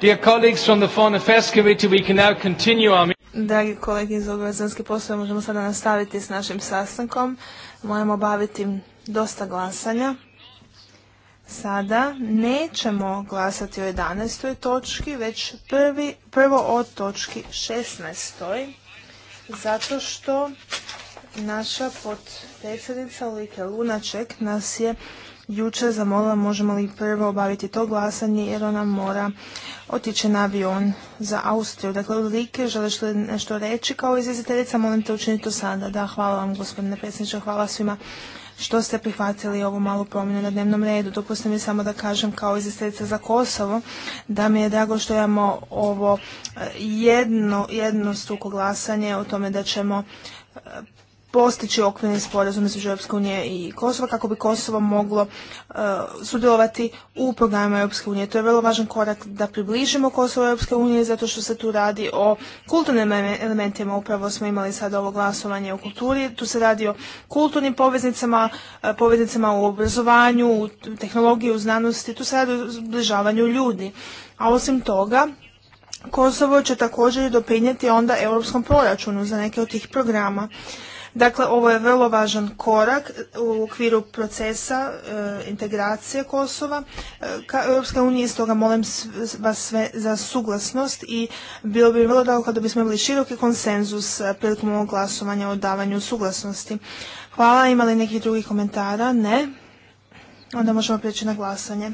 Dear colleagues from the Committee, we can now continue our Dragi kolegi, iz obrazanske poslove, možemo sada nastaviti s našim sastankom. Moramo obaviti dosta glasanja. Sada nećemo glasati o 11. točki, već prvo o točki 16. Zato što naša potpredsjednica Lika Lunaček nas je jučer zamolila možemo li prvo obaviti to glasanje jer ona mora otići na avion za Austriju. Dakle, Ulrike, želiš li nešto reći kao izvjestiteljica? Molim te učiniti to sada. Da, hvala vam gospodine predsjedniče, hvala svima što ste prihvatili ovu malu promjenu na dnevnom redu. Dopustite mi samo da kažem kao izvjestiteljica za Kosovo da mi je drago što imamo ovo eh, jedno, jedno stuko glasanje o tome da ćemo eh, postići okvirni sporazum između Europske unije i Kosova kako bi Kosovo moglo e, sudjelovati u programima Europske unije. To je vrlo važan korak da približimo Kosovo Europske unije zato što se tu radi o kulturnim elementima. Upravo smo imali sad ovo glasovanje o kulturi. Tu se radi o kulturnim poveznicama, e, poveznicama u obrazovanju, u tehnologiji, u znanosti. Tu se radi o zbližavanju ljudi. A osim toga, Kosovo će također doprinijeti onda europskom proračunu za neke od tih programa. Dakle, ovo je vrlo važan korak u okviru procesa e, integracije Kosova. E, ka Europska unija iz stoga molim vas sve za suglasnost i bilo bi vrlo dobro kada bismo imali široki konsenzus e, prilikom ovog glasovanja o davanju suglasnosti. Hvala, imali nekih drugih komentara? Ne. Onda možemo prijeći na glasanje.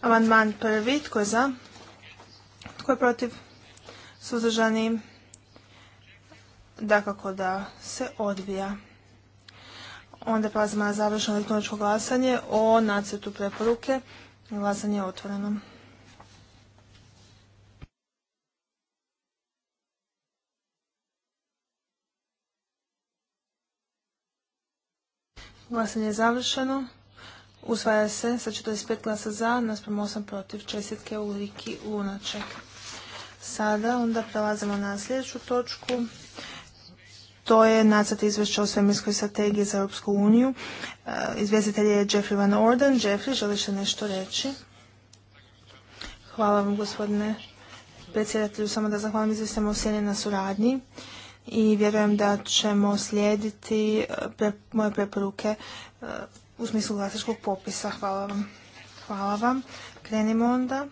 Amandman prvi, tko je za? Tko je protiv? Suzdržani? dakako da se odvija. Onda prelazimo na završeno elektroničko glasanje o nacrtu preporuke. Glasanje je otvoreno. Glasanje je završeno. Usvaja se sa 45 glasa za, naspram 8 protiv čestitke liki Lunaček. Sada onda prelazimo na sljedeću točku to je nacrt izvješća o svemirskoj strategiji za Europsku uniju. E, izvjestitelj je Jeffrey Van Orden. Jeffrey, želiš li nešto reći? Hvala vam gospodine predsjedatelju, samo da zahvalim izvjestama u sjeni na suradnji i vjerujem da ćemo slijediti e, moje preporuke e, u smislu glasačkog popisa. Hvala vam. Hvala vam. Krenimo onda.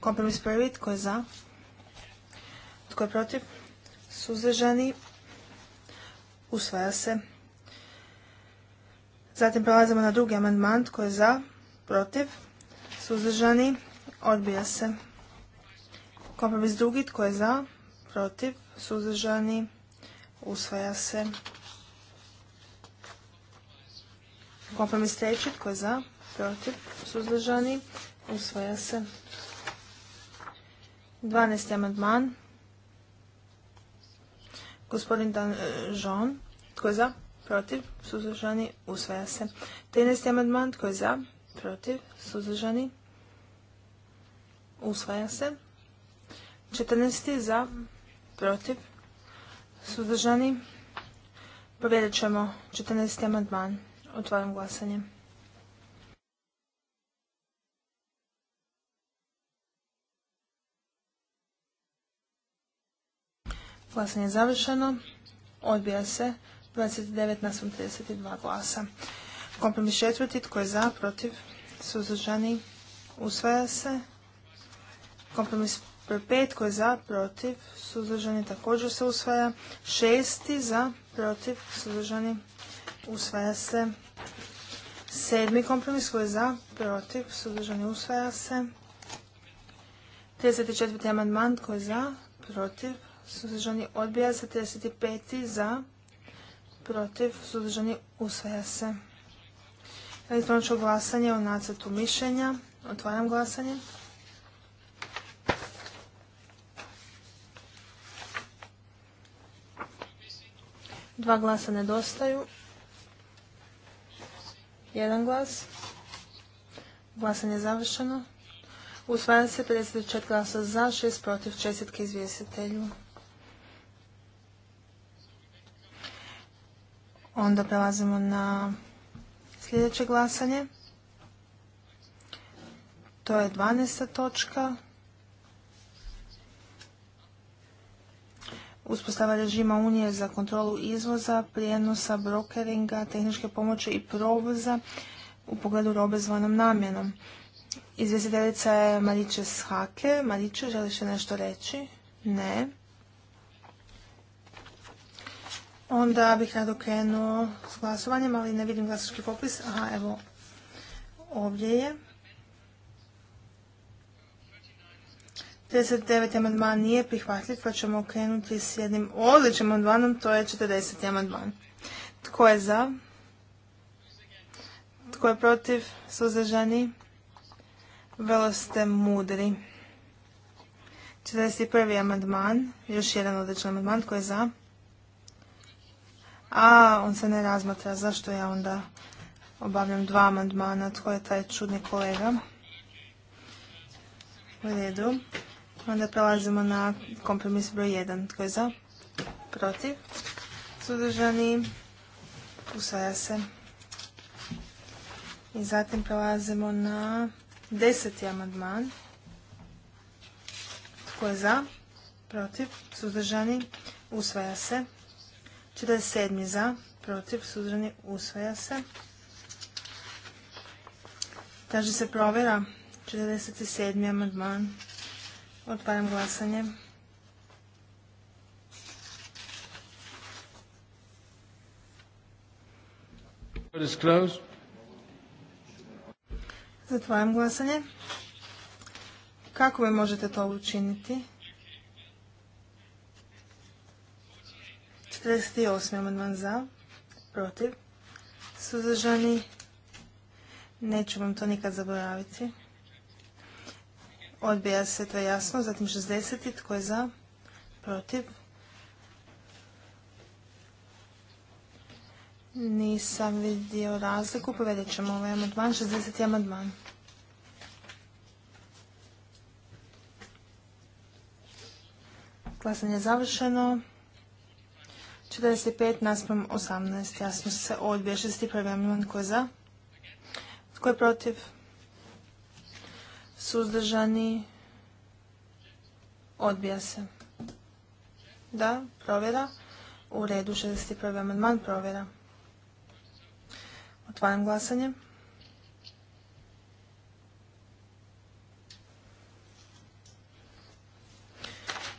Kompromis prvi, tko je za? Tko je protiv? suzdržani, usvaja se. Zatim prelazimo na drugi amandman, tko je za, protiv, suzdržani, odbija se. Kompromis drugi, tko je za, protiv, suzdržani, usvaja se. Kompromis treći, tko je za, protiv, suzdržani, usvaja se. 12. amandman, Gospodin Dan žon eh, tko je za? Protiv? Suzdržani? Usvaja se. 13. amandman, tko je za? Protiv? Suzdržani? Usvaja se. 14. za? Protiv? Suzdržani? Provjerit ćemo 14. amandman. Otvaram glasanje. Glasanje je završeno. Odbija se 29 na 32 glasa. Kompromis četvrti, tko je za, protiv, suzdržani, usvaja se. Kompromis pet, tko je za, protiv, suzdržani, također se usvaja. Šesti, za, protiv, suzdržani, usvaja se. Sedmi kompromis, tko je za, protiv, suzdržani, usvaja se. 34. amandman, tko je za, protiv, suzdržani odbija se, 35. za, protiv, suzdržani usvaja se. Elektroničko glasanje o nacrtu mišljenja. Otvaram glasanje. Dva glasa nedostaju. Jedan glas. Glasanje je završeno. Usvaja se 54 glasa za, 6 protiv, čestitke izvjestitelju. Onda prelazimo na sljedeće glasanje. To je 12. točka. Uspostava režima Unije za kontrolu izvoza, prijenosa, brokeringa, tehničke pomoći i provoza u pogledu robe zvanom namjenom. Izvjestiteljica je Mariče Shake. Mariče, želiš nešto reći? Ne. Onda bih rado krenuo s glasovanjem, ali ne vidim glasački popis. Aha, evo, ovdje je. 39. amandman nije prihvatljiv, pa ćemo krenuti s jednim odličnim amandmanom, to je 40. amandman. Tko je za? Tko je protiv? Suzdržani? Velo ste mudri. 41. amandman, još jedan odličan amandman, tko je za? a on se ne razmatra. Zašto ja onda obavljam dva amandmana? Tko je taj čudni kolega? U redu. Onda prelazimo na kompromis broj 1. Tko je za? Protiv? Sudržani? Usvaja se. I zatim prelazimo na deseti amandman. Tko je za? Protiv? Suzdržani? Usvaja se. 47. za, protiv, suzrani, usvaja se. Traži se provjera. 47. amandman. Otvaram glasanje. Zatvaram glasanje. Kako vi možete to učiniti? 48. amandman za, protiv, suzdržani, neću vam to nikad zaboraviti. Odbija se, to je jasno. Zatim 60. Tko je za? Protiv. Nisam vidio razliku. Povedat ćemo ovaj amadman. 60. amadman. Glasanje je završeno. 45 naspram 18. Jasno se odbija. 61. amandman tko je za? Tko je protiv? Suzdržani? Odbija se. Da, provjera. U redu 61. amandman provjera. Otvaram glasanje.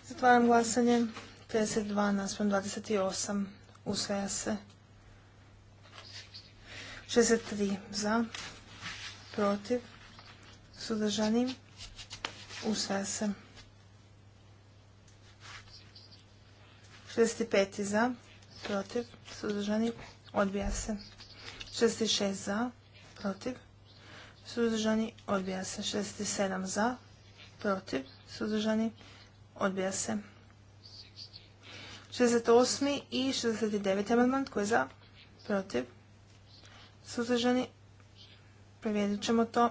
Zatvaram glasanje. 52 naspram 28. Usvaja se. 63 za. Protiv. Sudržani. Usvaja se. 65 za. Protiv. Sudržani. Odbija se. 66 za. Protiv. Sudržani. Odbija se. 67 za. Protiv. Sudržani. Odbija se. 68. i 69. amandman. Tko je za? Protiv? Suzdržani? Prevjedit ćemo to.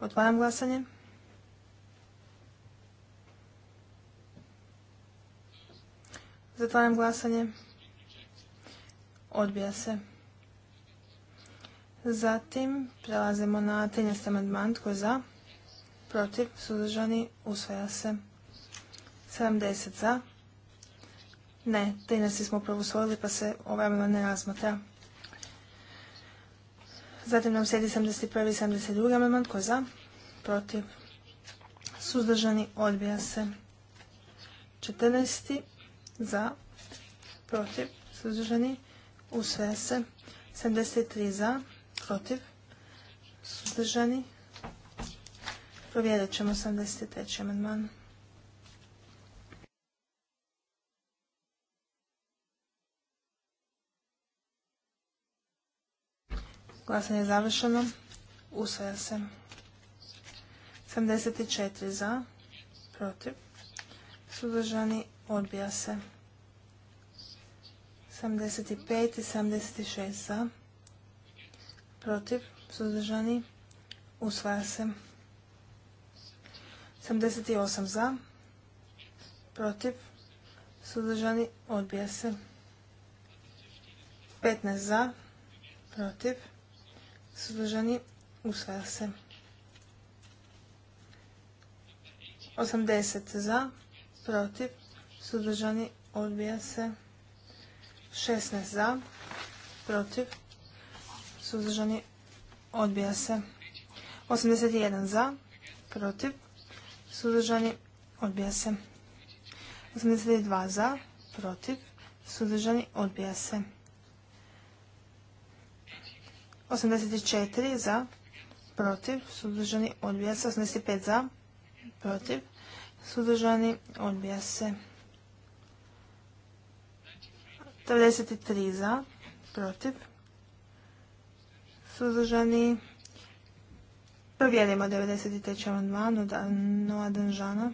Otvaram glasanje. Zatvaram glasanje. Odbija se. Zatim prelazimo na 13. amandman. Tko je za? Protiv? Suzdržani? Usvaja se. 70 za. Ne, 13 smo upravo usvojili pa se ovaj amandman ne razmatra. Zatim nam sedi 71. i 72. amandman. Ko je za? Protiv. Suzdržani odbija se. 14. za. Protiv. Suzdržani usvaja se. 73 za. Protiv. Suzdržani. Provjerit ćemo 83. amandman. Glasanje je završeno. Usvaja se. 74 za, protiv, Sudržani odbija se. 75 i 76 za, protiv, Sudržani usvaja se. 78 za, protiv, Sudržani odbija se. 15 za, protiv, suzdržani, usvaja se. 80 za, protiv, suzdržani, odbija se. 16 za, protiv, suzdržani, odbija se. 81 za, protiv, suzdržani, odbija se. 82 za, protiv, suzdržani, odbija se. 84 za, protiv, suzdržani, odbija se. 85 za, protiv, suzdržani, odbija se. 93 za, protiv, suzdržani. Provjerimo 93. amandman od Noa Danžana.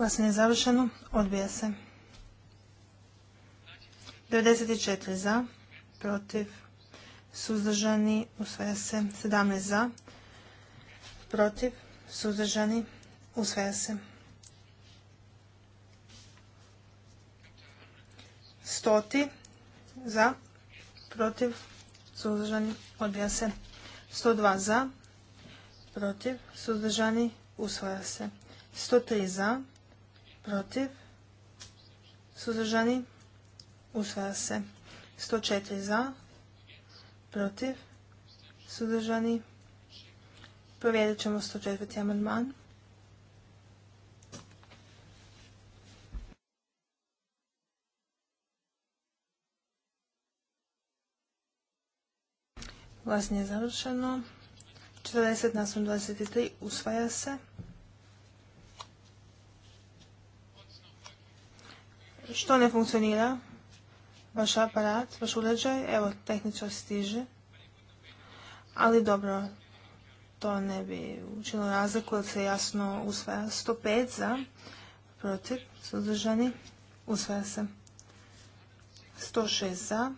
Glasanje je završeno. Odbija se. 94 za, protiv, suzdržani, usvaja se. 17 za, protiv, suzdržani, usvaja se. 100 za, protiv, suzdržani, odbija se. 102 za, protiv, suzdržani, usvaja se. 103 za, protiv, suzdržani, usvaja se. 104 za, protiv, suzdržani, provjerit ćemo 104. amandman. Glasnje je završeno. 40 nasom 23 usvaja se. Što ne funkcionira? Vaš aparat, vaš uređaj, evo, tehničar stiže. Ali dobro, to ne bi učinilo razliku, jer se jasno usvaja 105 za, protiv, suzdržani, usvaja se. 106 za,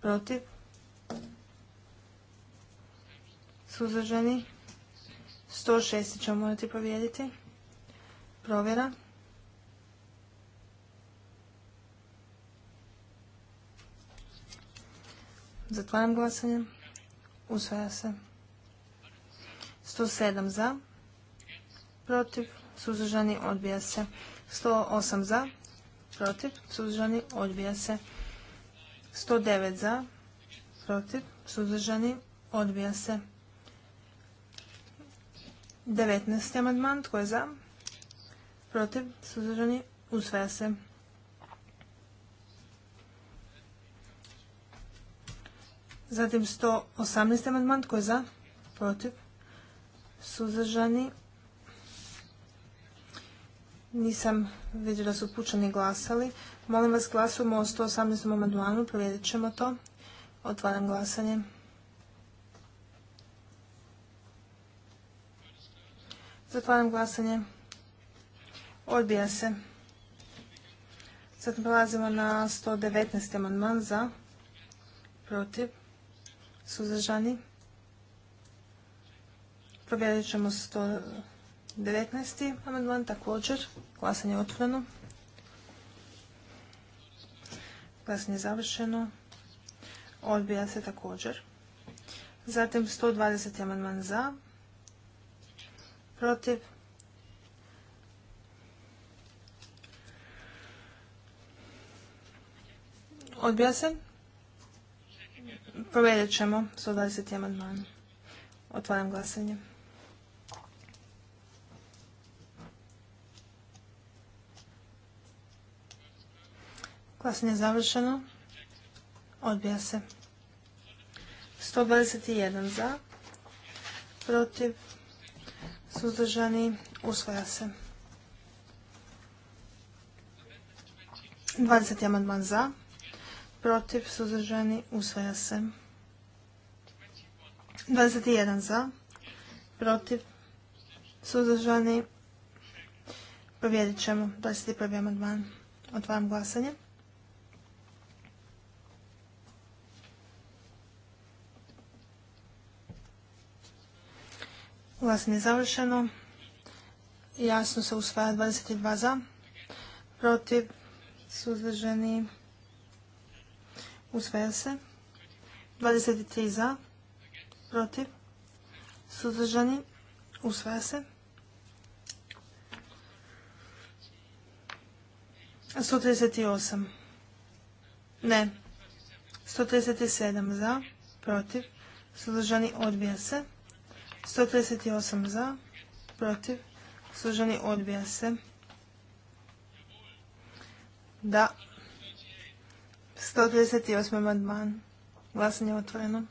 protiv, suzdržani, 106 ćemo morati provjeriti. Provjera. Zatvaram glasanje. Usvaja se. 107 za. Protiv. Suzdržani odbija se. 108 za. Protiv. Suzdržani odbija se. 109 za. Protiv. Suzdržani odbija se. 19. amandman. Tko je za? Protiv. Suzdržani usvaja se. Zatim 118. amandman, tko je za? Protiv? Suzdržani? Nisam vidio da su pučani glasali. Molim vas glasujemo o 118. amandmanu, provjedit ćemo to. Otvaram glasanje. Zatvaram glasanje. Odbija se. Sad prelazimo na 119. amandman za, protiv, Suzdržani? Provjerit ćemo 119. amandman također. Glasanje je otvoreno. Glasanje je završeno. Odbija se također. Zatim 120. amandman za. Protiv. Odbija se. Provedet ćemo 120. amandman. Otvaram glasanje. Glasanje je završeno. Odbija se. 121 za, protiv, suzdržani, usvaja se. 20. amandman za, protiv, suzdržani, usvaja se. 21 za, protiv, suzdržani, provjerit ćemo 21. amandman. Otvaram glasanje. Glasanje je završeno. Jasno se usvaja 22 za, protiv, suzdržani, usvaja se. 23 za, protiv, suzdržani, usvaja se. 138. Ne. 137 za, protiv, suzdržani, odbija se. 138 za, protiv, suzdržani, odbija se. Da. 138. amandman. Glasanje otvoreno.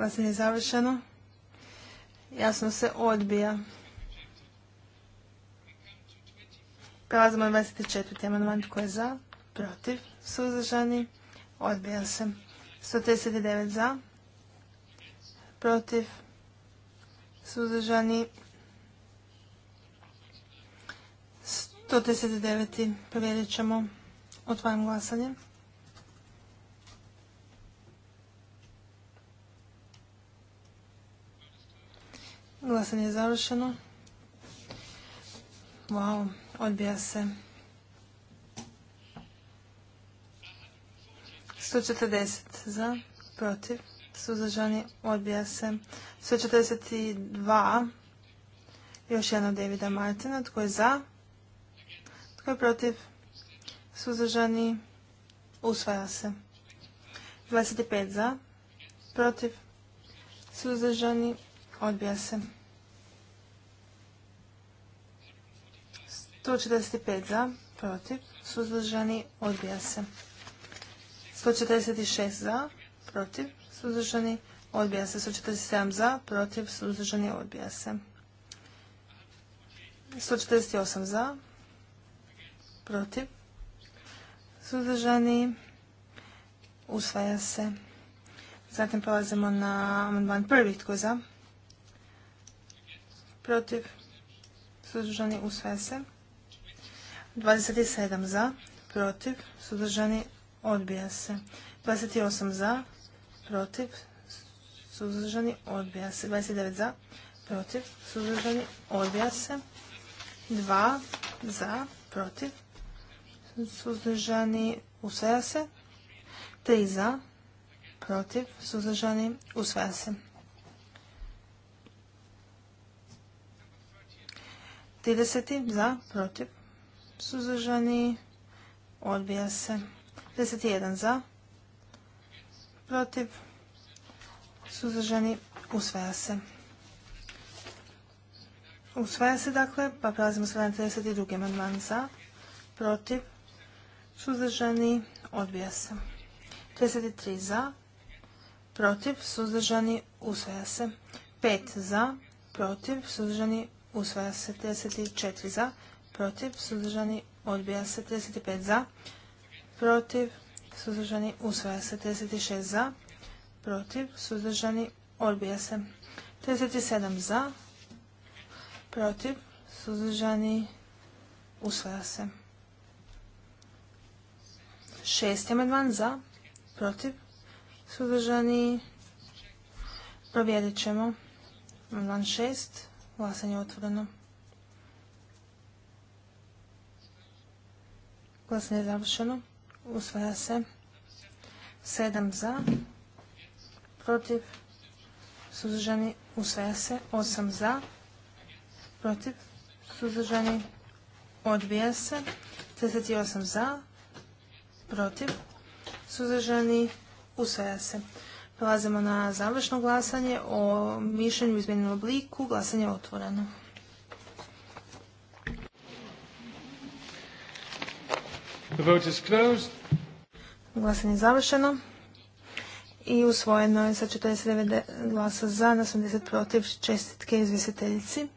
Glasanje je završeno. Jasno se odbija. Prelazimo na 24. amandman. Tko je za? Protiv. Suzdržani. Odbija se. 139 za. Protiv. Suzdržani. 139. Provjerit ćemo. Otvaram glasanje. Glasanje je završeno. Wow, odbija se. 140 za, protiv, suzdržani, odbija se. 142, još jedno Davida Martina, tko je za, tko je protiv, suzdržani, usvaja se. 25 za, protiv, suzdržani, odbija se. 145 za, protiv, suzdržani, odbija se. 146 za, protiv, suzdržani, odbija se. 147 za, protiv, suzdržani, odbija se. 148 za, protiv, suzdržani, usvaja se. Zatim prelazimo na amandman prvi, tko je za, protiv, suzdržani, usvaja se. 27 za, protiv, suzdržani, odbija se. 28 za, protiv, suzdržani, odbija se. 29 za, protiv, suzdržani, odbija se. 2 za, protiv, suzdržani, usvaja se. 3 za, protiv, suzdržani, usvaja se. 30 za, protiv, suzdržani, odbija se. 51 za, protiv, suzdržani, usvaja se. Usvaja se dakle, pa prelazimo sve na 32. amandman za, protiv, suzdržani, odbija se. 33 za, protiv, suzdržani, usvaja se. 5 za, protiv, suzdržani, usvaja se. 34 za, protiv, suzdržani, odbija se 35 za, protiv, suzdržani, usvaja se 36 za, protiv, suzdržani, odbija se 37 za, protiv, suzdržani, usvaja se. Šesti amandman za, protiv, suzdržani, provjerit ćemo. Amandman šest, glasanje otvoreno. Glasanje je završeno. Usvaja se. Sedam za. Protiv. Suzdržani. Usvaja se. Osam za. Protiv. Suzdržani. Odbija se. osam za. Protiv. Suzdržani. Usvaja se. Prelazimo na završno glasanje o mišljenju u izmjenjenom obliku. Glasanje je otvoreno. Glasanje je završeno. I usvojeno je sa 49 glasa za, na 80 protiv, čestitke izvjestiteljici.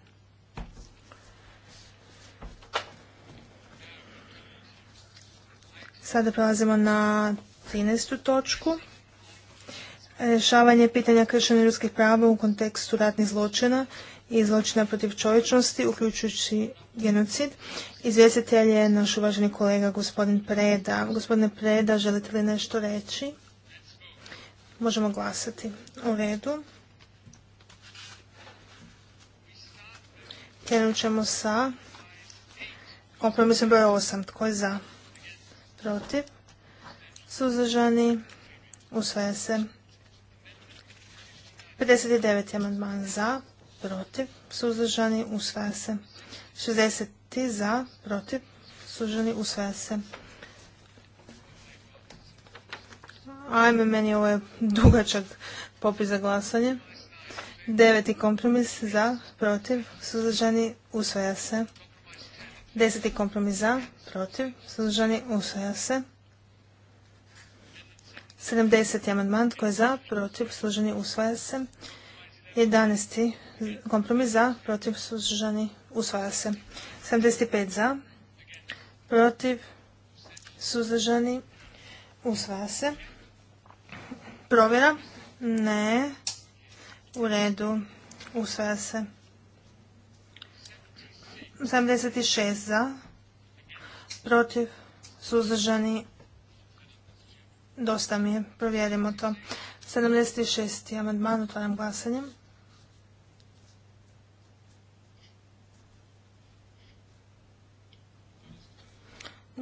Sada prelazimo na 13. točku. Rješavanje pitanja kršenja ljudskih prava u kontekstu ratnih zločina i zločina protiv čovječnosti, uključujući genocid. Izvjestitelj je naš uvaženi kolega gospodin Preda. Gospodine Preda, želite li nešto reći? Možemo glasati. U redu. Krenut ćemo sa kompromisom broj 8. Tko je za? Protiv? Suzdržani? Usvaja se. 59. amandman za, protiv, suzdržani, usvaja se. 60. za, protiv, suzdržani, usvaja se. Ajme, meni ovo je dugačak popis za glasanje. Deveti kompromis za, protiv, suzdržani, usvaja se. Deseti kompromis za, protiv, suzdržani, usvaja se. 70. amandman, tko je za, protiv, suzdržani, usvaja se. 11. kompromis za, protiv, suzdržani, Usvaja se. 75 za. Protiv. Suzdržani. Usvaja se. Provjera. Ne. U redu. Usvaja se. 76 za. Protiv. Suzdržani. Dosta mi je. Provjerimo to. 76. amandman. Otvaram glasanjem.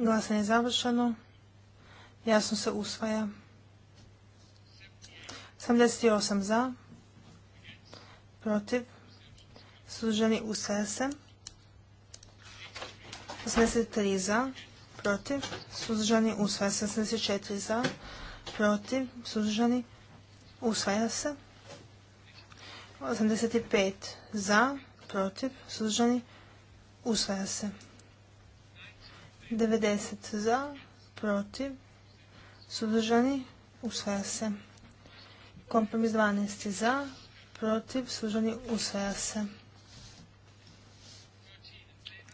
Glasanje je završeno. Jasno se usvaja. 78 za. Protiv. Suzdržani usvaja se. 83 za. Protiv. Suzdržani usvaja se. 74 za. Protiv. Suzdržani usvaja se. 85 za. Protiv. Suzdržani usvaja se. 90 za, protiv, suzdržani, usvaja se. Kompromis 12 za, protiv, suzdržani, usvaja se.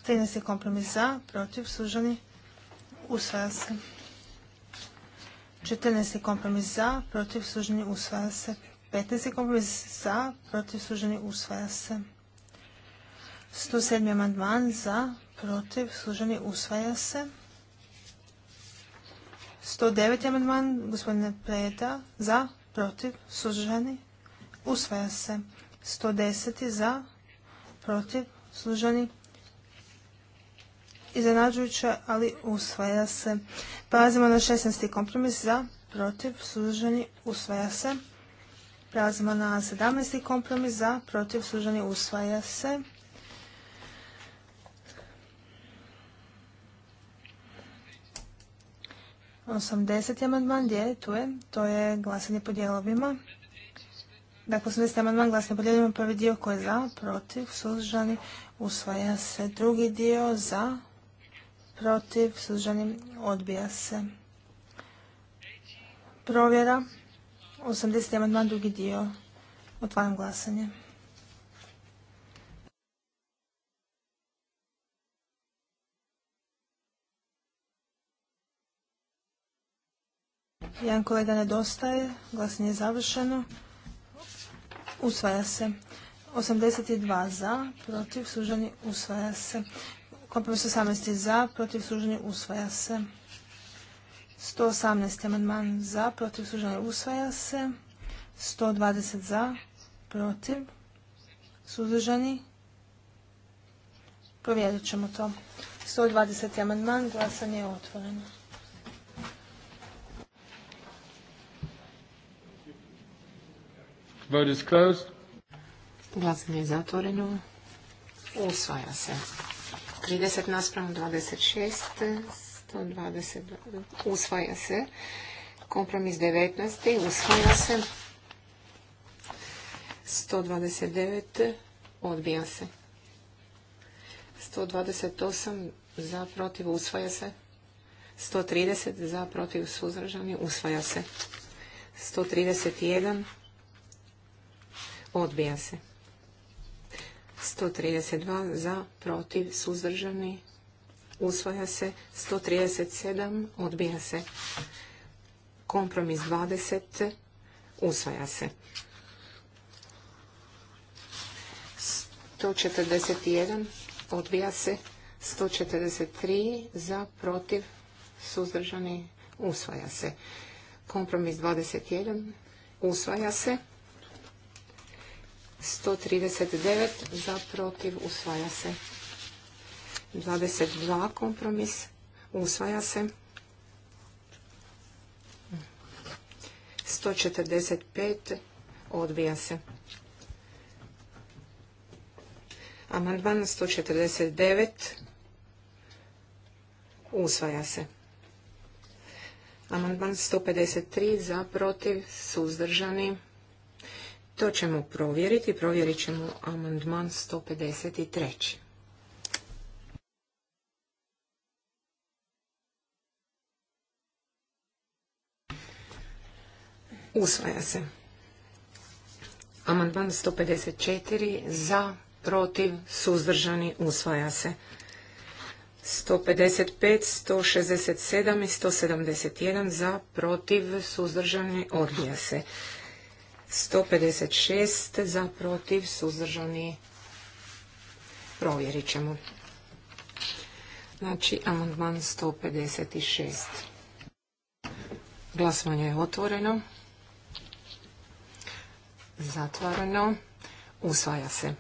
13. kompromis za, protiv, suzdržani, usvaja se. 14. kompromis za, protiv, suzdržani, usvaja se. 15. kompromis za, protiv, suzdržani, usvaja se. 107. amandman za, protiv, služeni, usvaja se. 109. amandman gospodine Preda za, protiv, služeni, usvaja se. 110. za, protiv, služeni, iznenađujuće, ali usvaja se. Prelazimo na 16. kompromis za, protiv, služeni, usvaja se. Prelazimo na 17. kompromis za, protiv, služeni, usvaja se. 80. amandman, gdje tu je? To je glasanje po dijelovima. Dakle, 80. amandman glasanje po dijelovima, prvi dio koji je za, protiv, suzdržani, usvaja se. Drugi dio za, protiv, suzdržani, odbija se. Provjera, 80. amandman, drugi dio. Otvaram glasanje. Jedan kolega nedostaje. Glasanje je završeno. Usvaja se. 82 za, protiv suženi usvaja se. Kompromis 18 za, protiv suženi usvaja se. 118. amandman za, protiv suženi usvaja se. 120 za, protiv, suzdržani. Provjerit ćemo to. 120. amandman, glasanje je otvoreno. Vote is closed. Glasanje je zatvoreno. Usvaja se. 30 naspram 26, 120, usvaja se. Kompromis 19, usvaja se. 129, odbija se. 128 za protiv usvaja se. 130 za protiv suzdržani usvaja se. 131 Odbija se. 132 za, protiv, suzdržani. Usvaja se. 137 odbija se. Kompromis 20 usvaja se. 141 odbija se. 143 za, protiv, suzdržani. Usvaja se. Kompromis 21 usvaja se. 139 za protiv usvaja se. 22 kompromis usvaja se. 145 odbija se. Amandman 149 usvaja se. Amandman 153 za protiv suzdržani to ćemo provjeriti. Provjerit ćemo amandman 153. Usvaja se. Amandman 154 za, protiv, suzdržani, usvaja se. 155, 167 i 171 za, protiv, suzdržani, odbija se. 156 za protiv suzdržani provjerit ćemo. Znači, amandman 156. Glasovanje je otvoreno. Zatvoreno. Usvaja se.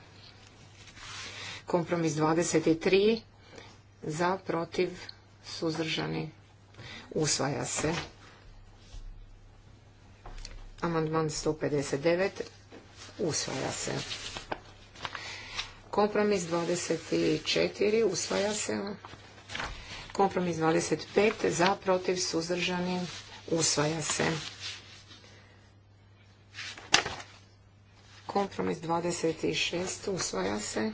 Kompromis 23. Za, protiv, suzdržani. Usvaja se. Amandman 159 usvaja se. Kompromis 24 usvaja se. Kompromis 25 za protiv suzdržani usvaja se. Kompromis 26 usvaja se.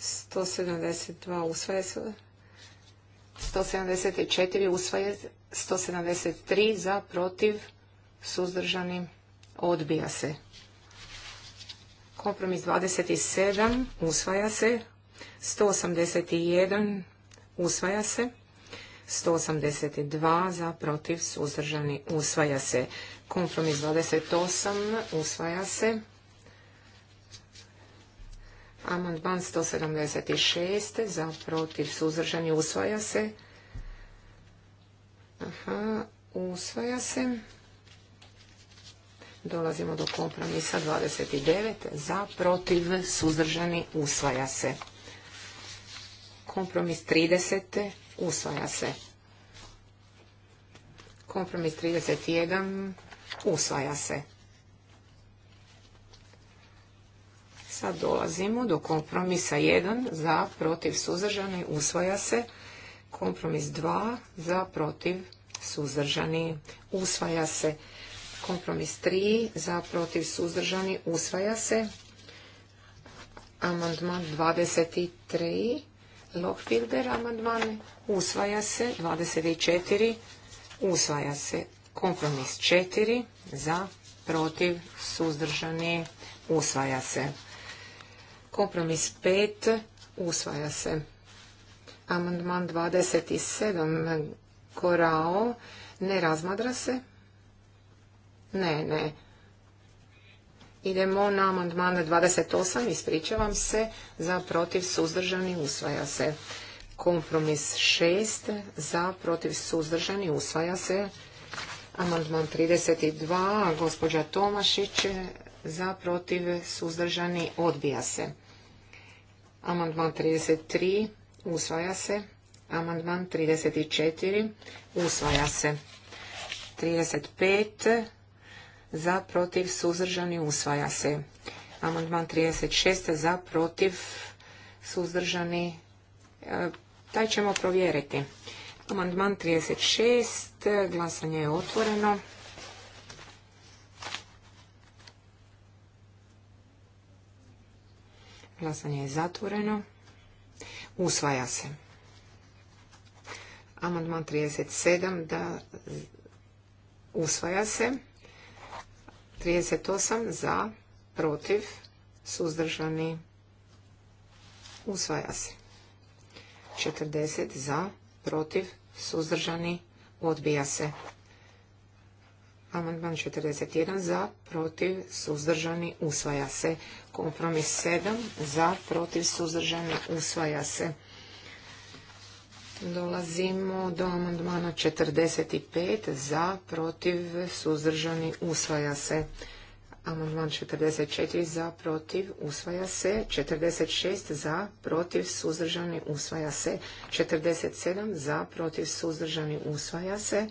172 usvaja se. 174 usvaja, 173 za, protiv, suzdržani, odbija se. Kompromis 27 usvaja se, 181 usvaja se, 182 za, protiv, suzdržani, usvaja se. Kompromis 28 usvaja se. Amandman 176. Za, protiv, suzdržani, usvaja se. Aha, usvaja se. Dolazimo do kompromisa 29. Za, protiv, suzdržani, usvaja se. Kompromis 30. Usvaja se. Kompromis 31. Usvaja se. sad dolazimo do kompromisa 1 za protiv suzdržani usvaja se. Kompromis 2 za protiv suzdržani usvaja se. Kompromis 3 za protiv suzdržani usvaja se. Amandman 23 lockfielder amandman usvaja se. 24 usvaja se. Kompromis 4 za protiv suzdržani usvaja se. Kompromis 5 usvaja se. Amandman 27 korao ne razmadra se. Ne, ne. Idemo na amandman 28, ispričavam se, za protiv suzdržani usvaja se. Kompromis 6, za protiv suzdržani usvaja se. Amandman 32, gospođa Tomašić, za protiv suzdržani odbija se. Amandman 33 usvaja se. Amandman 34 usvaja se. 35 za protiv suzdržani usvaja se. Amandman 36 za protiv suzdržani e, taj ćemo provjeriti. Amandman 36 glasanje je otvoreno. Glasanje je zatvoreno. Usvaja se. Amandman 37 da usvaja se. 38 za, protiv, suzdržani, usvaja se. 40 za, protiv, suzdržani, odbija se. Amandman 41 za, protiv, suzdržani, usvaja se. Kompromis 7 za, protiv, suzdržani, usvaja se. Dolazimo do amandmana 45 za, protiv, suzdržani, usvaja se. Amandman 44 za, protiv, usvaja se. 46 za, protiv, suzdržani, usvaja se. 47 za, protiv, suzdržani, usvaja se.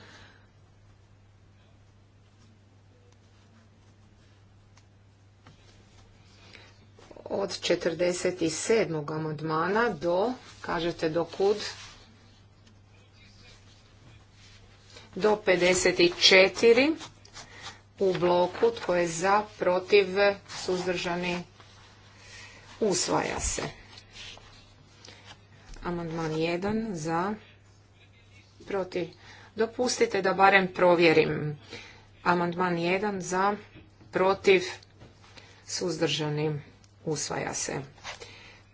od 47. amandmana do, kažete do kud? Do 54 u bloku tko je za, protiv, suzdržani, usvaja se. Amandman 1 za, protiv. Dopustite da barem provjerim. Amandman 1 za, protiv, suzdržani usvaja se.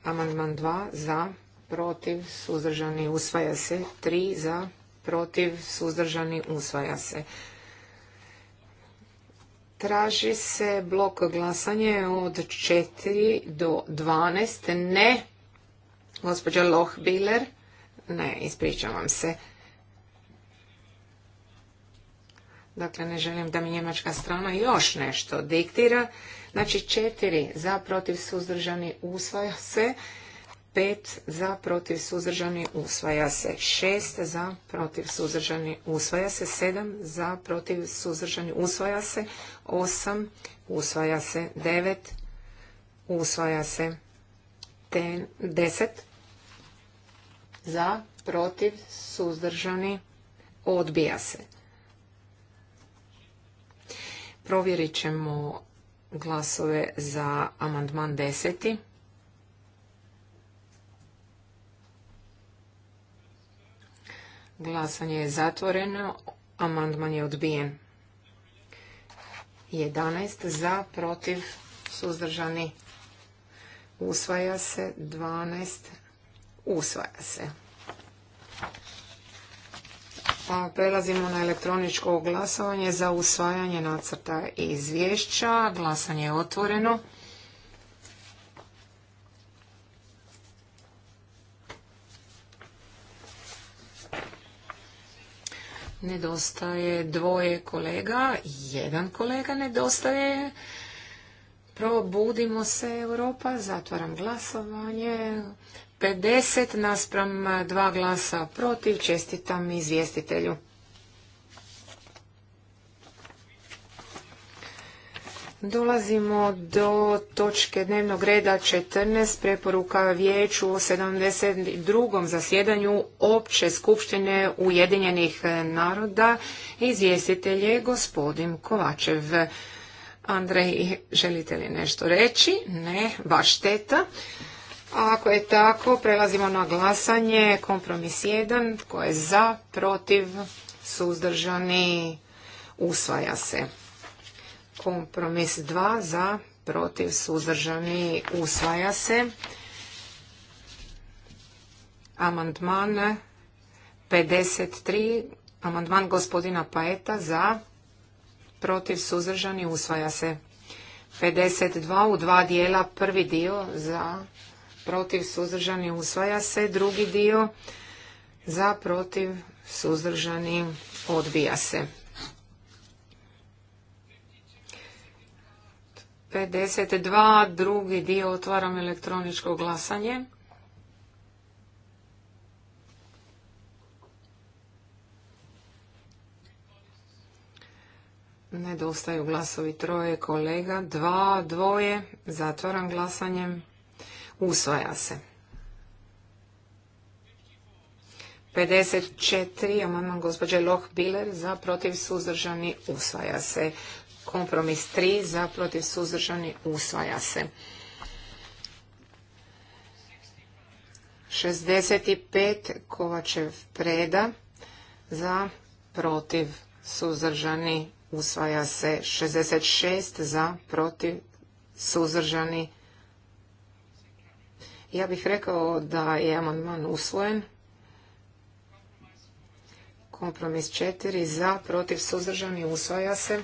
Amandman 2 za, protiv, suzdržani, usvaja se. 3 za, protiv, suzdržani, usvaja se. Traži se blok glasanje od 4 do 12. Ne, gospođa Lohbiler. Ne, ispričavam se. Dakle, ne želim da mi njemačka strana još nešto diktira. Znači, četiri za protiv suzdržani usvaja se, pet za protiv suzdržani usvaja se, šest za protiv suzdržani usvaja se, sedam za protiv suzdržani usvaja se, osam usvaja se, devet usvaja se, ten, deset za protiv suzdržani odbija se. Provjerit ćemo glasove za amandman deseti. Glasanje je zatvoreno. Amandman je odbijen. 11 za, protiv, suzdržani. Usvaja se. 12. Usvaja se prelazimo na elektroničko glasovanje za usvajanje nacrta izvješća. Glasanje je otvoreno. Nedostaje dvoje kolega, jedan kolega nedostaje. Probudimo se Europa, zatvaram glasovanje. 50 naspram dva glasa protiv. Čestitam izvjestitelju. Dolazimo do točke dnevnog reda 14, preporuka vijeću o 72. zasjedanju Opće skupštine Ujedinjenih e, naroda. Izvjestitelj je gospodin Kovačev. Andrej, želite li nešto reći? Ne, baš šteta ako je tako, prelazimo na glasanje. Kompromis 1. Tko je za, protiv, suzdržani, usvaja se. Kompromis 2. Za, protiv, suzdržani, usvaja se. Amandman 53. Amandman gospodina Paeta za, protiv, suzdržani, usvaja se. 52 u dva dijela, prvi dio za, protiv, suzdržani, usvaja se. Drugi dio za, protiv, suzdržani, odbija se. 52. Drugi dio otvaram elektroničko glasanje. Nedostaju glasovi troje kolega, dva, dvoje, zatvaram glasanjem. Usvaja se. 54. Amandman gospođe Loh-Biler za protiv suzdržani usvaja se. Kompromis 3 za protiv suzdržani usvaja se. 65. Kovačev preda za protiv suzdržani usvaja se. 66. za protiv suzdržani ja bih rekao da je amandman usvojen. Kompromis 4 za, protiv, suzdržani, usvaja se.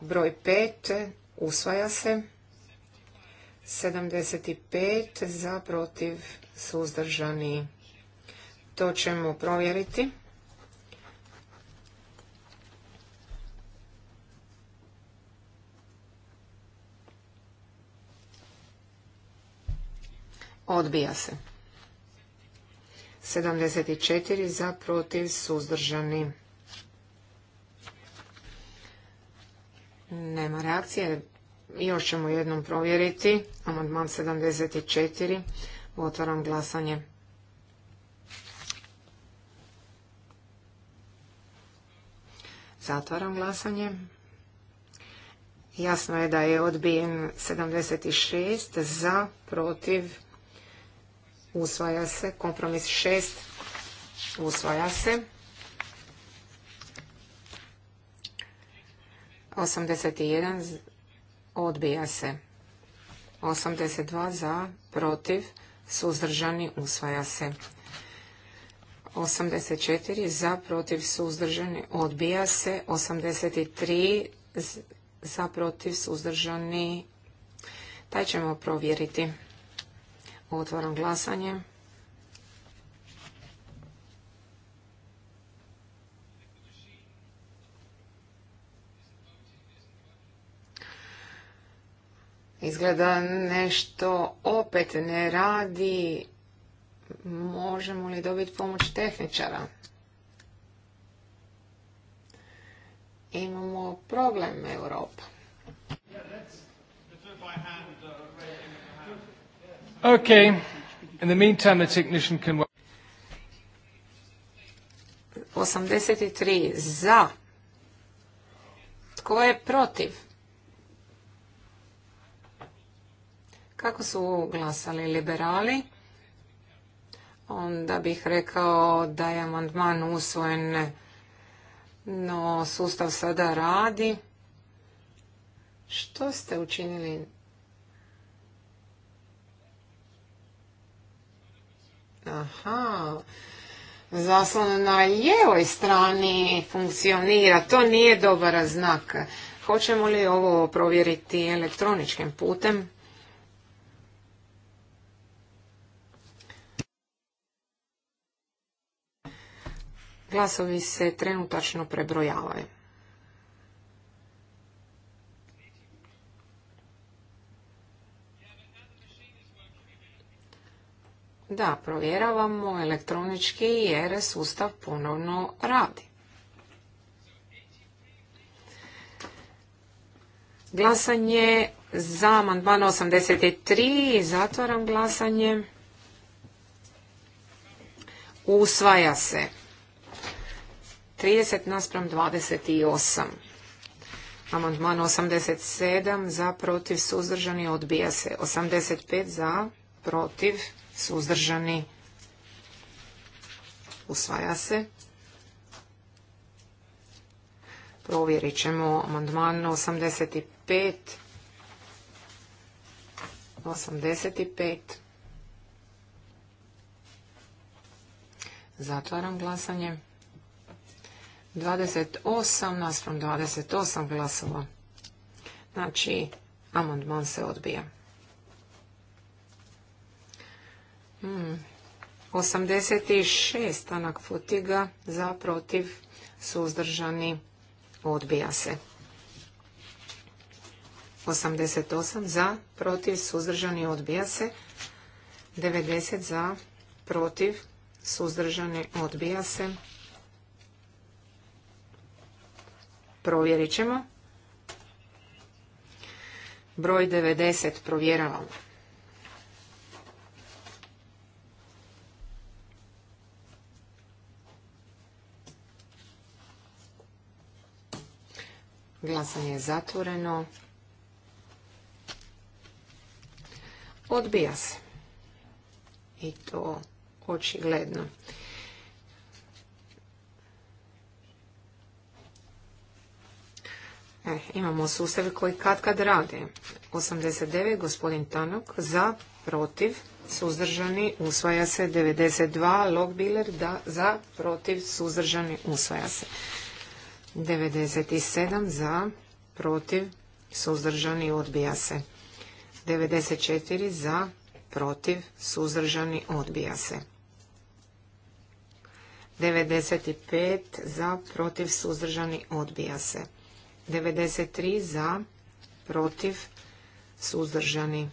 Broj 5 usvaja se. 75 za, protiv, suzdržani. To ćemo provjeriti. Odbija se. 74 za protiv suzdržani. Nema reakcije. Još ćemo jednom provjeriti. Amandman 74. Otvaram glasanje. Zatvaram glasanje. Jasno je da je odbijen 76 za, protiv, usvaja se. Kompromis 6 usvaja se. 81 odbija se. 82 za, protiv, suzdržani, usvaja se. 84 za, protiv, suzdržani, odbija se. 83 za, protiv, suzdržani, taj ćemo provjeriti. Otvaram glasanje. Izgleda nešto opet ne radi. Možemo li dobiti pomoć tehničara? Imamo problem Europa. Yeah, Okay. In the meantime, the technician can... 83 za. Tko je protiv? Kako su glasali liberali? Onda bih rekao da je amandman usvojen, no sustav sada radi. Što ste učinili Aha. Zaslon na lijevoj strani funkcionira. To nije dobar znak. Hoćemo li ovo provjeriti elektroničkim putem? Glasovi se trenutačno prebrojavaju. Da, provjeravamo elektronički jer sustav ponovno radi. Glasanje za amandman 83. Zatvaram glasanje. Usvaja se. 30 naspram 28. Amandman 87 za protiv suzdržani odbija se. 85 za protiv suzdržani, usvaja se. Provjerit ćemo amandman 85. 85. Zatvaram glasanje. 28 naspram 28 glasova. Znači, amandman se odbija. 86. stanak futiga za protiv suzdržani odbija se. 88 za protiv suzdržani odbija se. 90 za protiv suzdržani odbija se. Provjerit ćemo. Broj 90 provjeravamo. Glasanje je zatvoreno. Odbija se. I to očigledno. E, imamo sustav koji kad kad rade. 89, gospodin Tanok, za, protiv, suzdržani, usvaja se. 92, logbiler da, za, protiv, suzdržani, usvaja se. 97 za, protiv, suzdržani, odbija se. 94 za, protiv, suzdržani, odbija se. 95 za, protiv, suzdržani, odbija se. 93 za, protiv, suzdržani,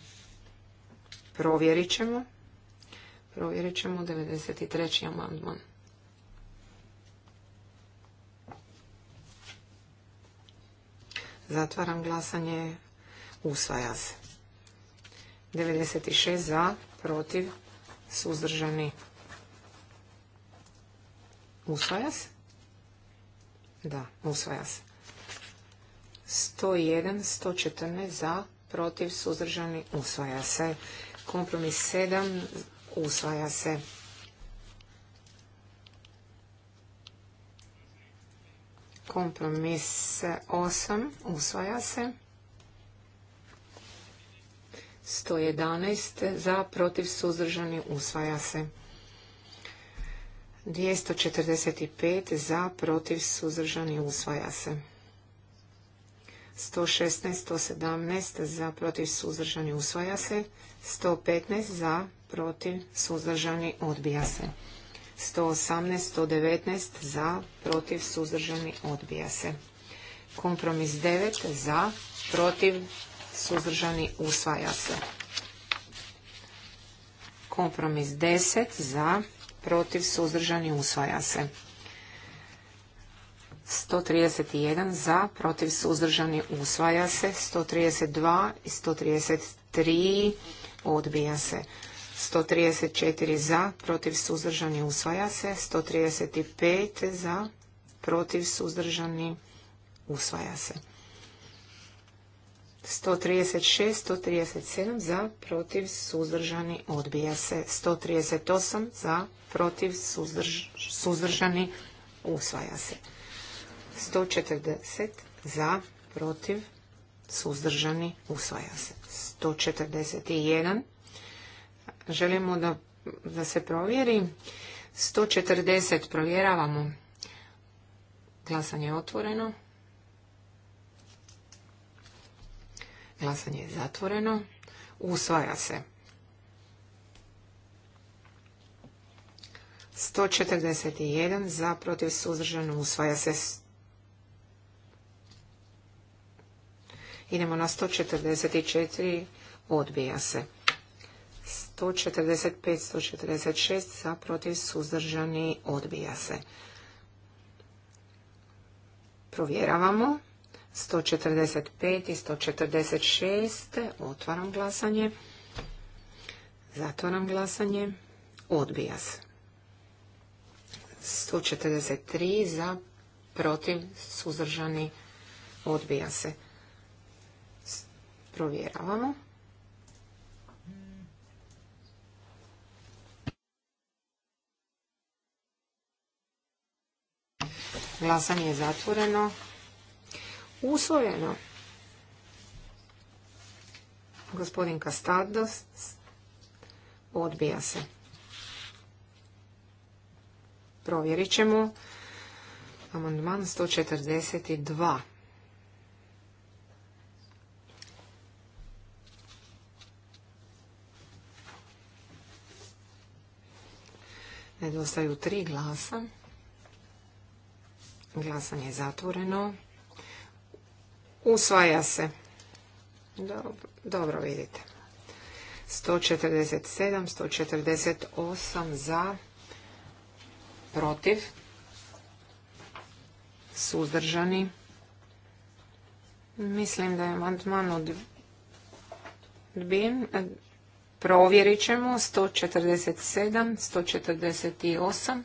provjerit ćemo. Provjerit ćemo 93. amandman. Zatvaram glasanje. Usvaja se. 96 za, protiv, suzdržani. Usvaja se? Da, usvaja se. 101, 114 za, protiv, suzdržani. Usvaja se. Kompromis 7 usvaja se. Kompromis 8 usvaja se. 111 za, protiv, suzdržani, usvaja se. 245 za, protiv, suzdržani, usvaja se. 116, 117 za, protiv, suzdržani, usvaja se. 115 za, protiv, suzdržani, odbija se. 118, 119 za, protiv, suzdržani, odbija se. Kompromis 9 za, protiv, suzdržani, usvaja se. Kompromis 10 za, protiv, suzdržani, usvaja se. 131 za, protiv, suzdržani, usvaja se. 132 i 133 odbija se. 134 za, protiv suzdržani usvaja se. 135 za, protiv suzdržani usvaja se. 136, 137 za, protiv suzdržani odbija se. 138 za, protiv suzdržani usvaja se. 140 za, protiv suzdržani usvaja se. 141 Želimo da, da se provjeri. 140 provjeravamo. Glasanje je otvoreno. Glasanje je zatvoreno. Usvaja se. 141 za protiv suzdržano usvaja se. Idemo na 144 odbija se. 145, 146 za protiv suzdržani odbija se. Provjeravamo. 145 i 146. Otvaram glasanje. Zatvaram glasanje. Odbija se. 143 za protiv suzdržani odbija se. Provjeravamo. Glasanje je zatvoreno. Usvojeno. Gospodin Kastardos odbija se. Provjerit ćemo. Amandman 142. Nedostaju tri glasa. Glasanje je zatvoreno. Usvaja se. Dobro, vidite. 147, 148 za, protiv, suzdržani. Mislim da je amandman odbijen. E, provjerit ćemo 147, 148.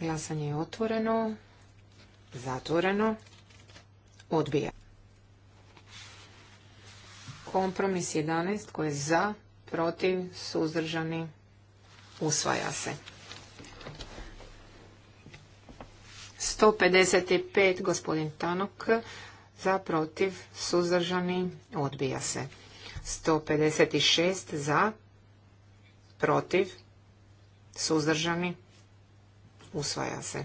Glasanje je otvoreno, zatvoreno, odbija. Kompromis 11 koji je za, protiv, suzdržani, usvaja se. 155 gospodin Tanok za, protiv, suzdržani, odbija se. 156 za, protiv, suzdržani, usvaja se.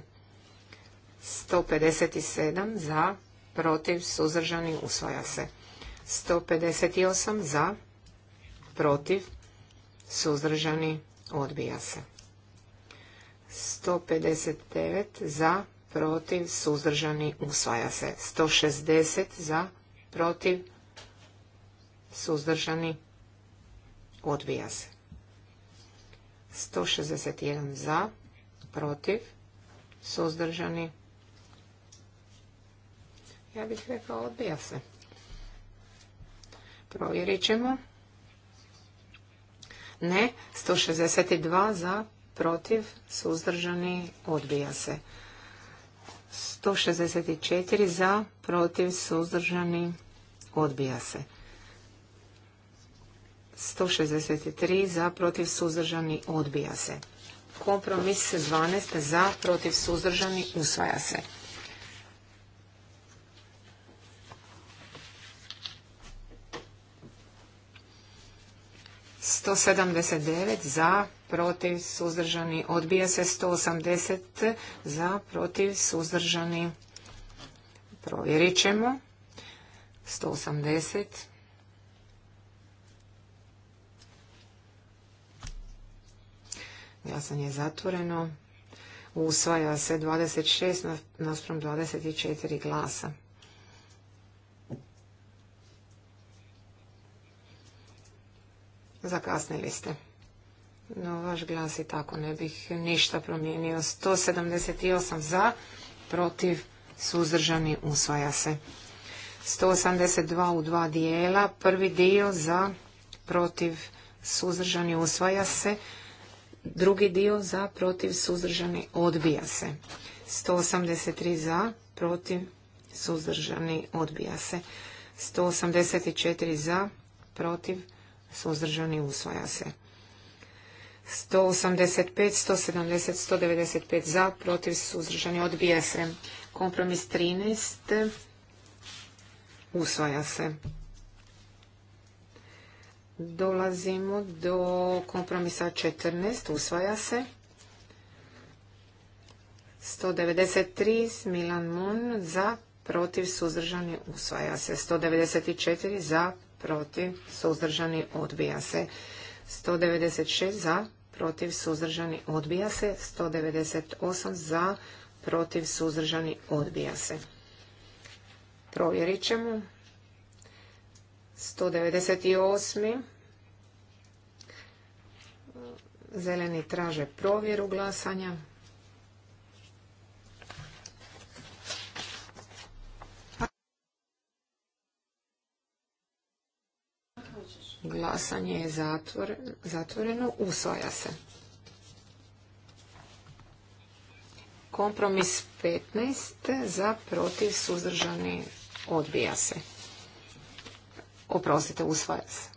157 za, protiv, suzdržani, usvaja se. 158 za, protiv, suzdržani, odbija se. 159 za, protiv, suzdržani, usvaja se. 160 za, protiv, suzdržani, odbija se. 161 za, protiv, suzdržani. Ja bih rekao odbija se. Provjerit ćemo. Ne, 162 za, protiv, suzdržani, odbija se. 164 za, protiv, suzdržani, odbija se. 163 za, protiv, suzdržani, odbija se. Kompromis 12 za, protiv suzdržani, usvaja se. Sto sedamdeset devet za, protiv suzdržani, odbija se sto osamdeset za, protiv suzdržani, provjerit ćemo. Sto osamdeset Glasanje je zatvoreno. Usvaja se 26 naspram 24 glasa. Zakasnili ste. No, vaš glas i tako ne bih ništa promijenio. 178 za, protiv, suzdržani, usvaja se. 182 u dva dijela. Prvi dio za, protiv, suzdržani, usvaja se. Drugi dio za, protiv, suzdržani, odbija se. 183 za, protiv, suzdržani, odbija se. 184 za, protiv, suzdržani, usvaja se. 185, 170, 195 za, protiv, suzdržani, odbija se. Kompromis 13, usvaja se. Dolazimo do kompromisa 14, usvaja se. 193, Milan Mun, za, protiv, suzdržani, usvaja se. 194, za, protiv, suzdržani, odbija se. 196, za, protiv, suzdržani, odbija se. 198, za, protiv, suzdržani, odbija se. Provjerit ćemo. 198. Zeleni traže provjeru glasanja. Glasanje je zatvoreno. Usvaja se. Kompromis 15 za protiv suzdržani odbija se oprostite, usvaja se.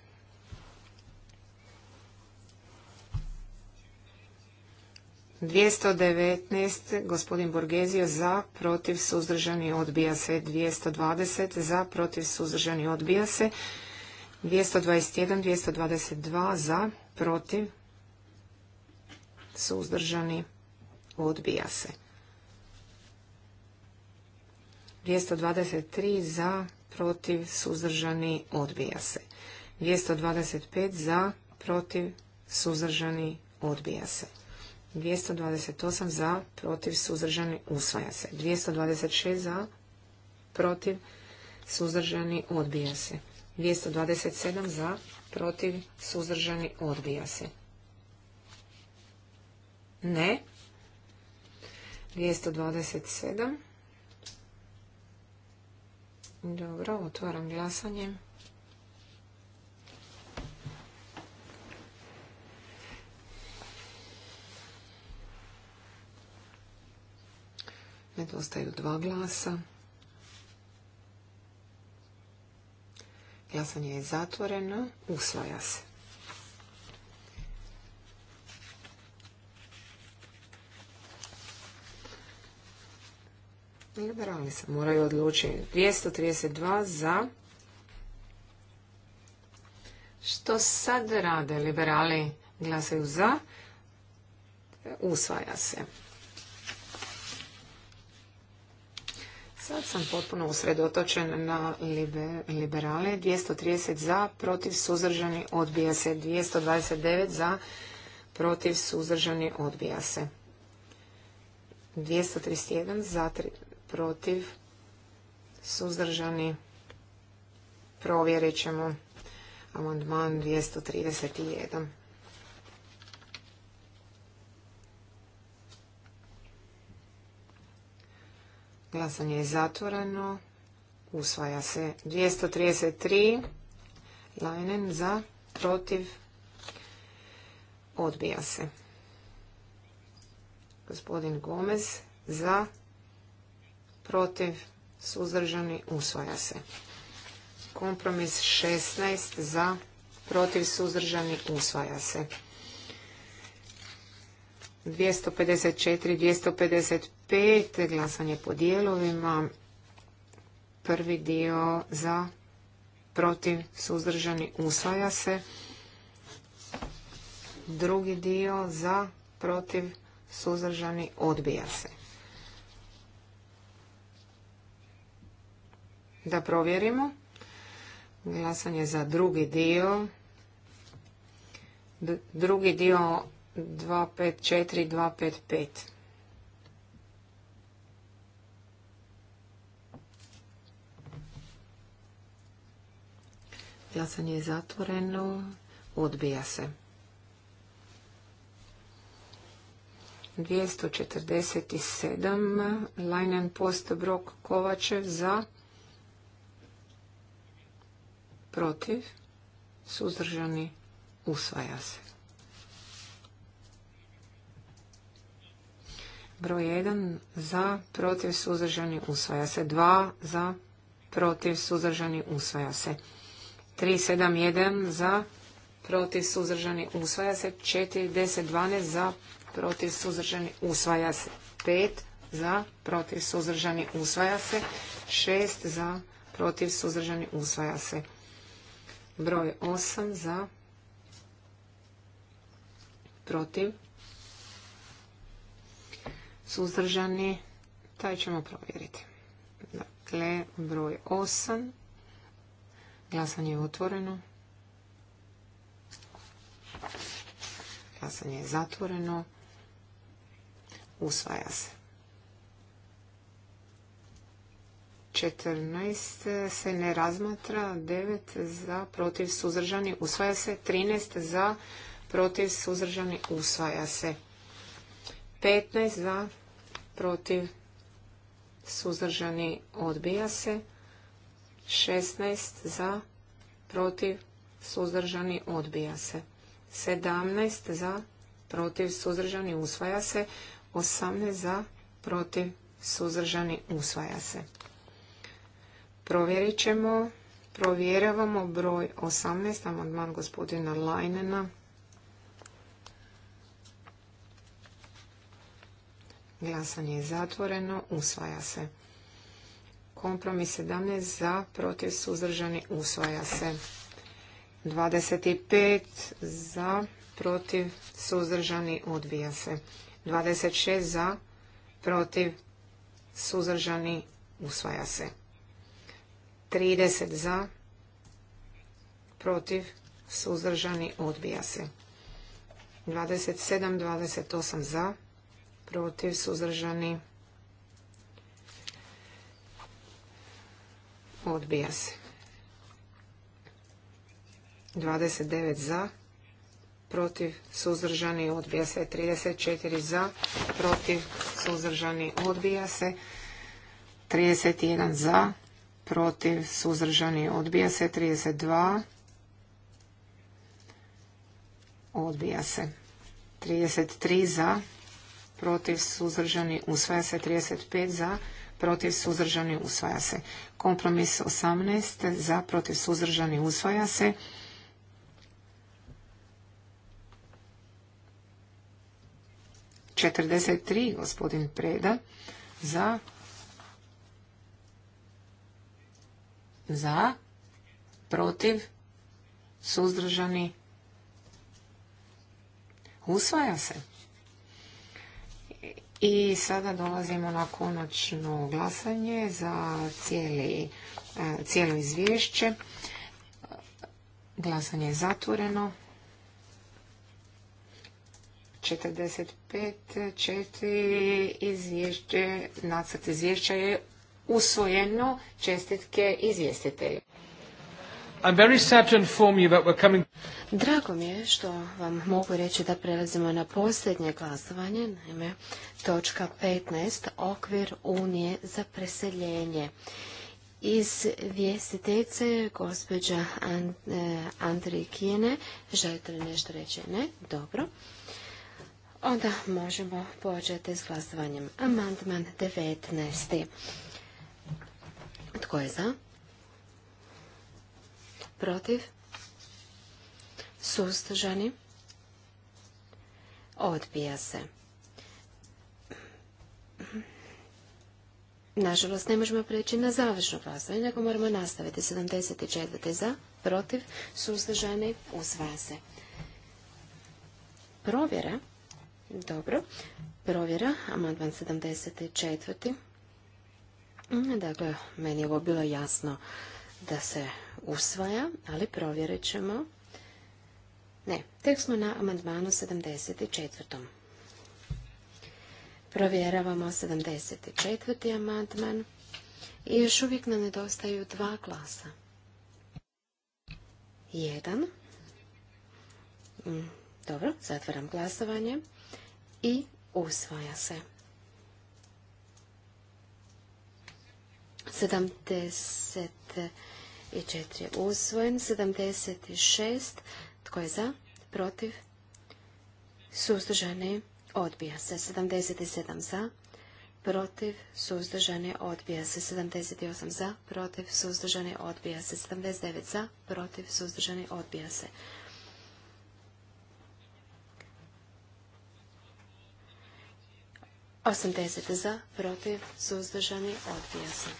219. Gospodin Borgezio za, protiv, suzdržani, odbija se. 220. Za, protiv, suzdržani, odbija se. 221. 222. Za, protiv, suzdržani, odbija se. 223. Za, protiv, suzdržani, odbija se. 225 za, protiv, suzdržani, odbija se. 228 za, protiv, suzdržani, usvaja se. 226 za, protiv, suzdržani, odbija se. 227 za, protiv, suzdržani, odbija se. Ne. 227 dobro, otvaram glasanje. Nedostaju dva glasa. Glasanje je zatvoreno. Usvaja se. Liberali se moraju odlučiti. 232 za. Što sad rade liberali? Glasaju za. Usvaja se. Sad sam potpuno usredotočen na liberale. 230 za, protiv suzdržani odbija se. 229 za, protiv suzdržani odbija se. 231 za, protiv, suzdržani, provjerit ćemo amandman 231. Glasanje je zatvoreno. Usvaja se 233. Lajnen za, protiv, odbija se. Gospodin Gomez za, protiv, suzdržani, usvaja se. Kompromis 16 za, protiv, suzdržani, usvaja se. 254, 255, glasanje po dijelovima. Prvi dio za, protiv, suzdržani, usvaja se. Drugi dio za, protiv, suzdržani, odbija se. da provjerimo. Glasanje za drugi dio. Drugi dio 254, 255. Glasanje je zatvoreno. Odbija se. 247. Leinen post Brok Kovačev za protiv, suzdržani, usvaja se. Broj 1 za, protiv, suzdržani, usvaja se. 2 za, protiv, suzdržani, usvaja se. 1 za, protiv, suzdržani, usvaja se. 4, 10, 12 za, protiv, suzdržani, usvaja se. 5 za, protiv, suzdržani, usvaja se. 6 za, protiv, suzdržani, usvaja se. Broj 8 za protiv suzdržani. Taj ćemo provjeriti. Dakle, broj 8. Glasanje je otvoreno. Glasanje je zatvoreno. Usvaja se. 14 se ne razmatra, 9 za, protiv, suzdržani, usvaja se, 13 za, protiv, suzdržani, usvaja se, 15 za, protiv, suzdržani, odbija se, 16 za, protiv, suzdržani, odbija se, 17 za, protiv, suzdržani, usvaja se, 18 za, protiv, suzdržani, usvaja se. Provjerit ćemo. Provjeravamo broj 18, amandman gospodina Lajnena. Glasanje je zatvoreno, usvaja se. Kompromis 17 za, protiv suzdržani, usvaja se. 25 za, protiv suzdržani, odbija se. 26 za, protiv suzdržani, usvaja se. 30 za, protiv, suzdržani, odbija se. 27, 28 za, protiv, suzdržani, odbija se. 29 za, protiv, suzdržani, odbija se. 34 za, protiv, suzdržani, odbija se. 31 za, protiv, suzdržani, odbija se. 32, odbija se. 33 za, protiv, suzdržani, usvaja se. 35 za, protiv, suzdržani, usvaja se. Kompromis 18 za, protiv, suzdržani, usvaja se. Četrdeset tri gospodin Preda za za, protiv, suzdržani, usvaja se. I sada dolazimo na konačno glasanje za cijeli, e, cijelo izvješće. Glasanje je zatvoreno. 45, 4 izvješće, nacrt izvješća je usvojeno. Čestitke izvjestitelju. I'm very sad to inform you that we're coming... Drago mi je što vam mogu reći da prelazimo na posljednje glasovanje, naime točka 15, okvir Unije za preseljenje. Iz vjestitece gospođa e, Andri Kijene, želite li nešto reći? Ne? Dobro. Onda možemo početi s glasovanjem. Amandman 19. Tko je za? Protiv? Suzdržani? Odbija se. Nažalost, ne možemo preći na završno glasovanje, nego moramo nastaviti. 74. za, protiv, suzdržani, usvaja se. Provjera. Dobro. Provjera. Amandman 74. Mhm, dakle, meni je ovo bilo jasno da se usvaja, ali provjerit ćemo. Ne, tek smo na amandmanu 74. Provjeravamo 74. amandman i još uvijek nam nedostaju dva glasa. Jedan. Mm, dobro, zatvaram glasovanje i usvaja se. 74 usvojen, 76 tko je za, protiv, suzdržani, odbija se, 77 za, protiv, suzdržani, odbija se, 78 za, protiv, suzdržani, odbija se, 79 za, protiv, suzdržani, odbija se. Osamdeset za, protiv, suzdržani, odbija se.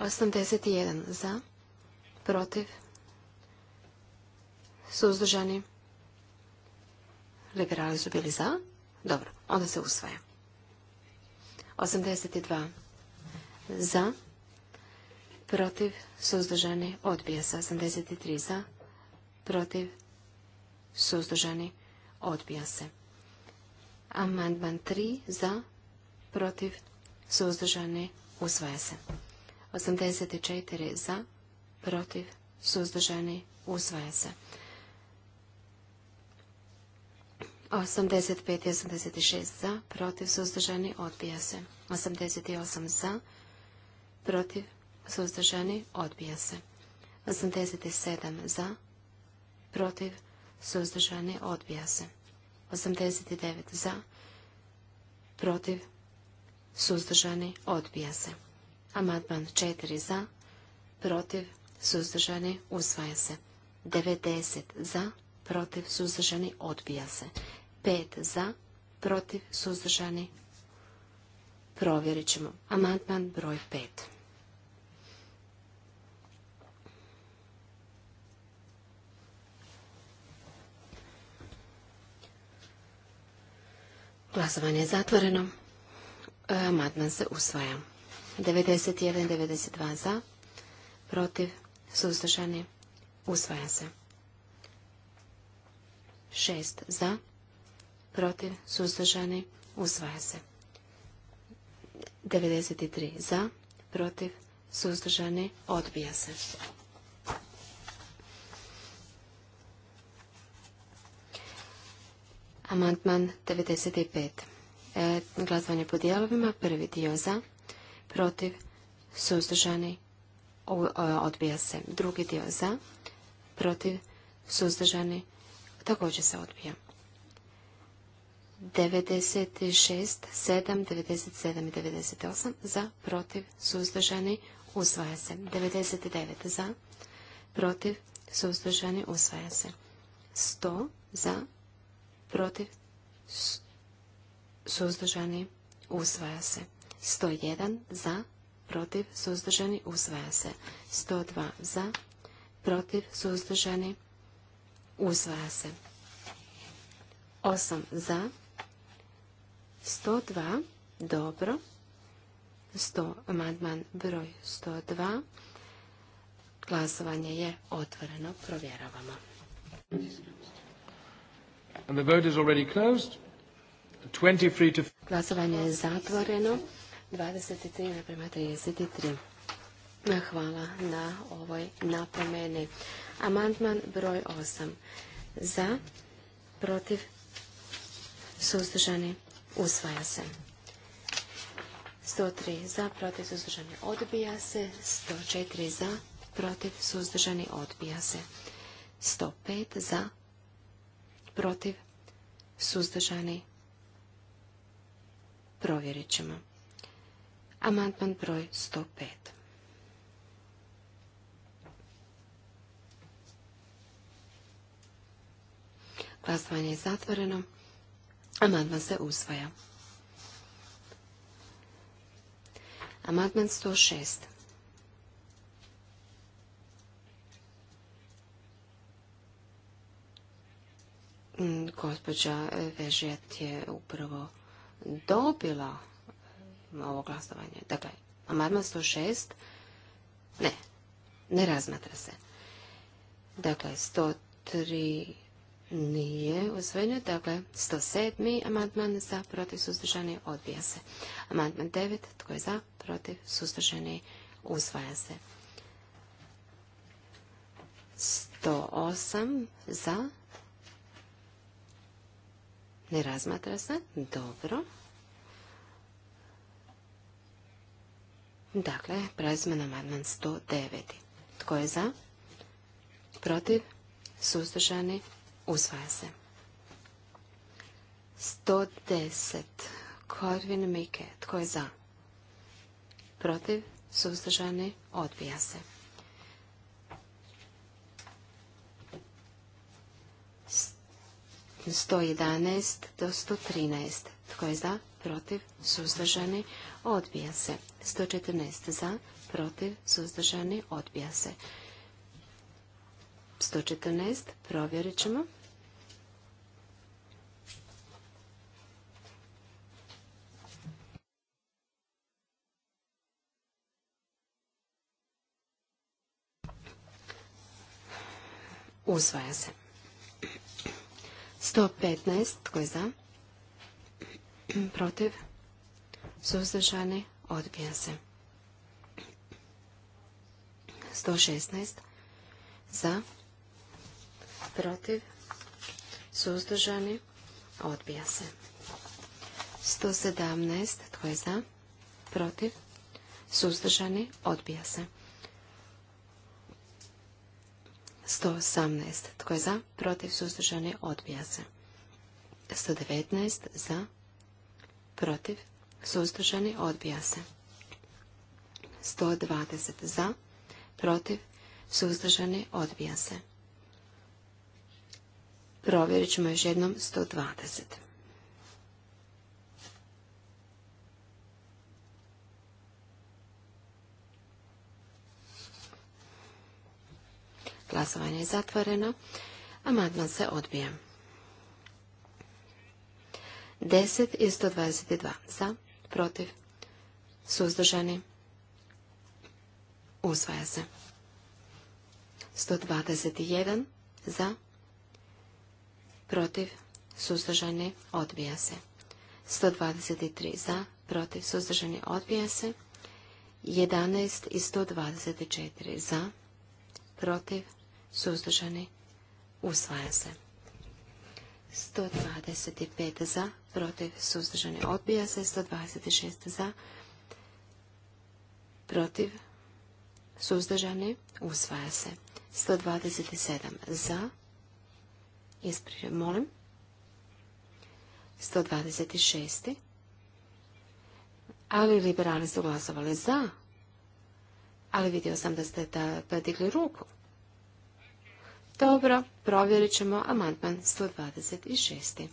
81 za, protiv, suzdržani. Liberali su bili za. Dobro, onda se usvaja. 82 za, protiv, suzdržani, odbija se. 83 za, protiv, suzdržani, odbija se. Amandman 3 za, protiv, suzdržani, usvaja se. 84 za, protiv, suzdržani, usvaja se. 85 i 86 za, protiv, suzdržani, odbija se. 88 za, protiv, suzdržani, odbija se. 87 za, protiv, suzdržani, odbija se. 89 za, protiv, suzdržani, odbija se. Amandman 4 za, protiv, suzdržani, usvaja se. Devedeset za, protiv, suzdržani, odbija se. 5 za, protiv, suzdržani, provjerit ćemo. Amandman broj 5. Glasovanje je zatvoreno. Amandman se usvaja. 91, 92 za, protiv, suzdržani, usvaja se. 6 za, protiv, suzdržani, usvaja se. 93 za, protiv, suzdržani, odbija se. Amantman 95. Glazvanje po dijelovima, prvi dio za, protiv, suzdržani, e, odbija se. Drugi dio za, protiv, suzdržani, također se odbija. 96, 7, 97 i 98 za, protiv, suzdržani, usvaja se. 99 za, protiv, suzdržani, usvaja se. 100 za, protiv, suzdržani, usvaja se. 101 za, protiv, suzdržani, u se. 102 za, protiv, suzdržani, u se. 8 za, 102, dobro, 100, madman, broj 102, glasovanje je otvoreno, provjeravamo. And the vote is already closed. 23 Glasovanje je zatvoreno. 23 prema 33. Hvala na ovoj napomeni. Amantman broj 8. Za, protiv, suzdržani, usvaja se. 103 za, protiv, suzdržani, odbija se. 104 za, protiv, suzdržani, odbija se. 105 za, protiv, suzdržani, provjerit ćemo. Amandman broj 105. Glasovanje je zatvoreno. Amandman se usvaja. Amandman 106. Mm, gospođa Vežet je upravo dobila ovo glasovanje. Dakle, amandman 106 ne, ne razmatra se. Dakle, 103 nije usvojenje. Dakle, 107. amandman za protiv sustržani odbija se. Amandman 9. Tko je za protiv sustržani, usvaja se. 108 za ne razmatra se. Dobro. Dakle, prelazimo na amandman 109. Tko je za? Protiv? Suzdržani? Usvaja se. 110. Korvin Mike. Tko je za? Protiv? Suzdržani? Odbija se. 111 do 113. Tko je za? Protiv? Suzdržani? Odbija se. 114 za, protiv, suzdržani, odbija se. 114, provjerit ćemo. Usvaja se. 115, tko je za? Protiv? Suzdržani? Odbija se. 116 za, protiv, suzdržani, odbija se. 117, tko je za, protiv, suzdržani, odbija se. 118, tko je za, protiv, suzdržani, odbija se. 119, za, protiv, suzdržani, odbija se. 120 za, protiv, suzdržani, odbija se. Provjerit ćemo još jednom 120. Glasovanje je zatvoreno. Amandman se odbija. 10 i 122 za, protiv, suzdržani, usvaja se. 121 za, protiv, suzdržani, odbija se. 123 za, protiv, suzdržani, odbija se. 11 i 124 za, protiv, suzdržani, usvaja se. 125 za, protiv suzdržani odbija se, 126 za, protiv suzdržani usvaja se, 127 za, isprije, molim, 126. Ali liberali su glasovali za, ali vidio sam da ste da digli ruku. Dobro, provjerit ćemo amandman 126.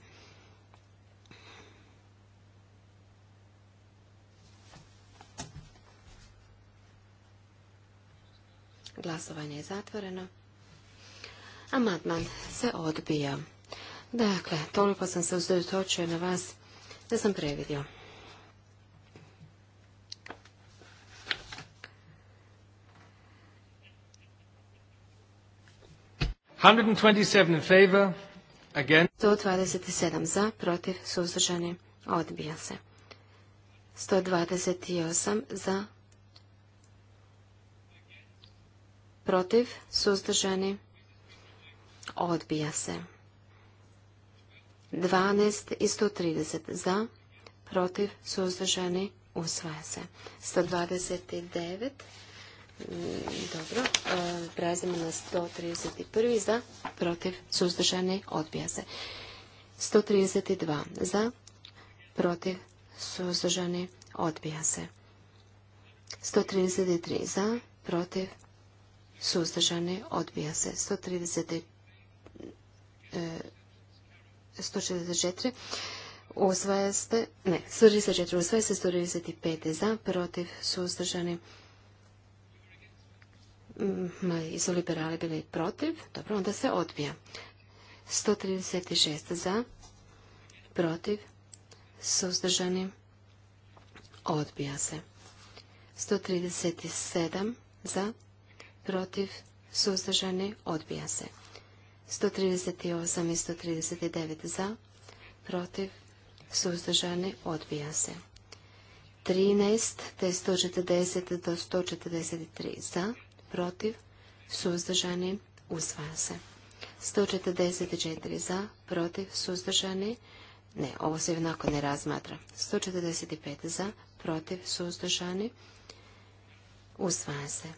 Glasovanje je zatvoreno. Amandman se odbija. Dakle, toliko sam se uzdajutočio na vas da sam previdio. 127 favor, again. 127 za, protiv, suzdržani, odbija se. 128 za, protiv, suzdržani, odbija se. 12 i 130 za, protiv, suzdržani, usvaja se. 129 dobro, prelazimo na 131. za, protiv, suzdržani, odbija se. 132. za, protiv, suzdržani, odbija se. 133. za, protiv, suzdržani, odbija se. 130, ne, 134 usvaja se, 135 za, protiv, suzdržani, odbija se. Mm, su liberali bili protiv? Dobro, onda se odbija. 136 za, protiv, suzdržani, odbija se. 137 za, protiv, suzdržani, odbija se. 138 i 139 za, protiv, suzdržani, odbija se. 13 te 140 do 143 za, protiv, suzdržani, usvaja se. 144 za, protiv, suzdržani, ne, ovo se jednako ne razmatra. 145 za, protiv, suzdržani, usvaja se.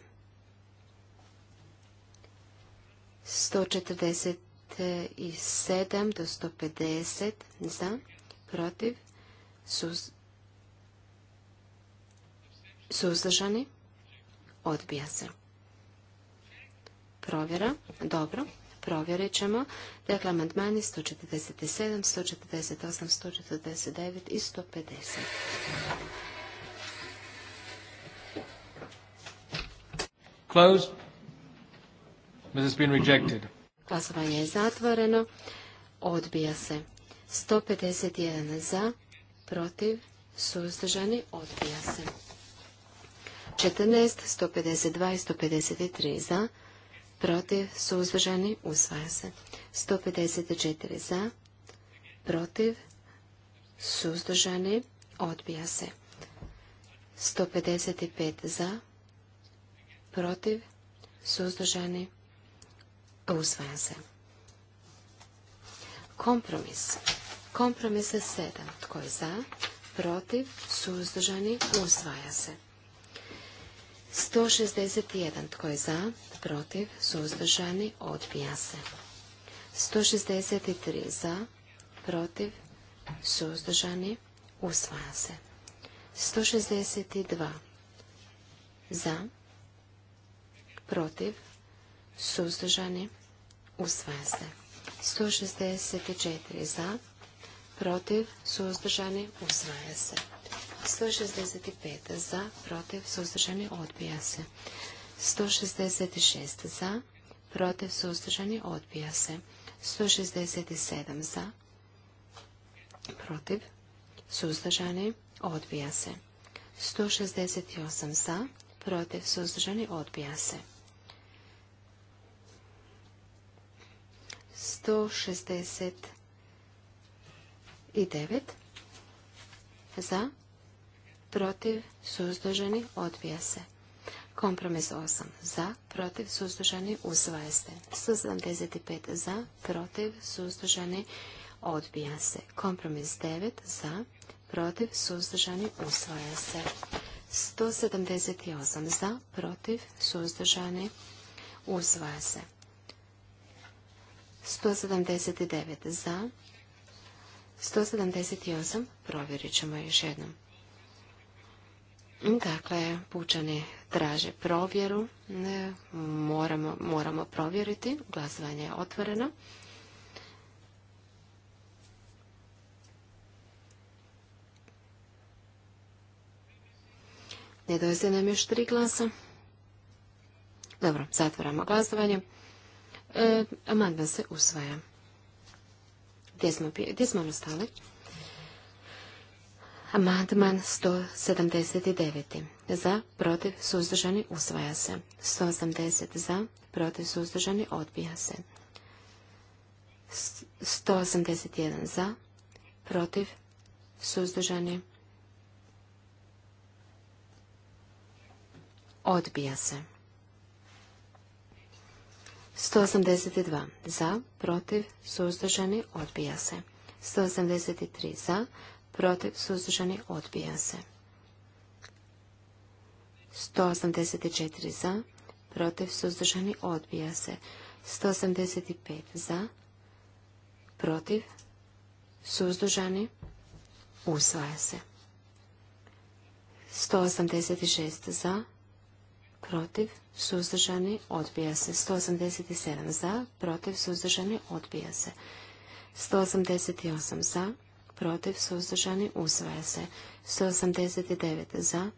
147 do 150 za, protiv, suz, suzdržani, odbija se. Provjera. Dobro. Provjerit ćemo. Dakle, amantmani 147, 148, 149 i 150. Closed. This has been rejected. Glasovanje je zatvoreno. Odbija se. 151 za, protiv, suzdržani, odbija se. 14, 152 i 153 za, protiv, suzdržani, usvaja se. 154 za, protiv, suzdržani, odbija se. 155 za, protiv, suzdržani, usvaja se. Kompromis. Kompromis je 7. Tko je za, protiv, suzdržani, usvaja se. 161. Tko je za? Protiv? Suzdržani? Odbija se. 163. Za? Protiv? Suzdržani? Usvaja se. 162. Za? Protiv? Suzdržani? Usvaja se. 164. Za? Protiv? Suzdržani? Usvaja se. 165 za, protiv, suzdržani, odbija se. 166 za, protiv, suzdržani, odbija se. 167 za, protiv, suzdržani, odbija se. 168 za, protiv, suzdržani, odbija se. 169 za, protiv, suzdržani, odbija se. Kompromis 8. Za, protiv, suzdržani, usvaja se. 175 za, protiv, suzdržani, odbija se. Kompromis 9. Za, protiv, suzdržani, usvaja se. 178 za, protiv, suzdržani, usvaja se. 179 za, 178, provjerit ćemo još jednom. Dakle, pučani traže provjeru, ne, moramo, moramo provjeriti, glasovanje je otvoreno. Nedostaje nam još tri glasa. Dobro, zatvoramo glasovanje. E, amandman se usvaja. Gdje smo, gdje smo Amandman 179. Za, protiv, suzdržani, usvaja se. 180 za, protiv, suzdržani, odbija se. 181 za, protiv, suzdržani, odbija se. 182 za, protiv, suzdržani, odbija se. 183 za, protiv, suzdržani, odbija se. 184 za, protiv, suzdržani, odbija se. 185 za, protiv, suzdržani, usvaja se. 186 za, protiv, suzdržani, odbija se. 187 za, protiv, suzdržani, odbija se. 188 za, protiv, suzdržani, usvaja se. 189 za,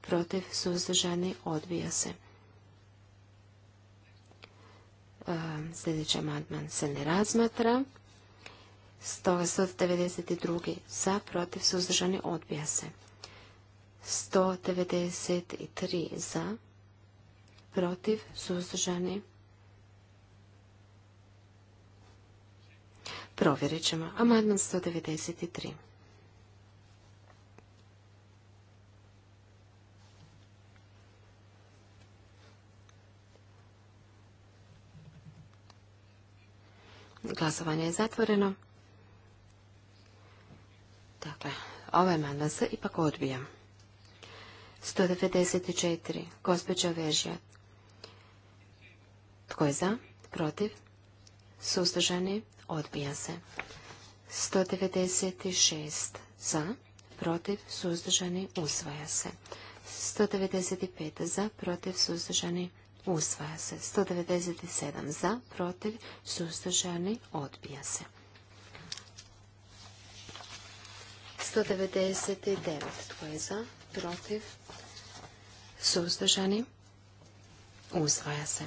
protiv, suzdržani, odbija se. E, sljedeći amandman se ne razmatra. 192 za, protiv, suzdržani, odbija se. 193 za, protiv, suzdržani, odbija se Provjerit ćemo. Amandman 193. Glasovanje je zatvoreno. Dakle, ovaj amandman se ipak odbija. 194. Gospođa Vežja. Tko je za? Protiv? Suzdržani? odbija se. 196 za, protiv, suzdržani, usvaja se. 195 za, protiv, suzdržani, usvaja se. 197 za, protiv, suzdržani, odbija se. 199 tko je za, protiv, suzdržani, usvaja se.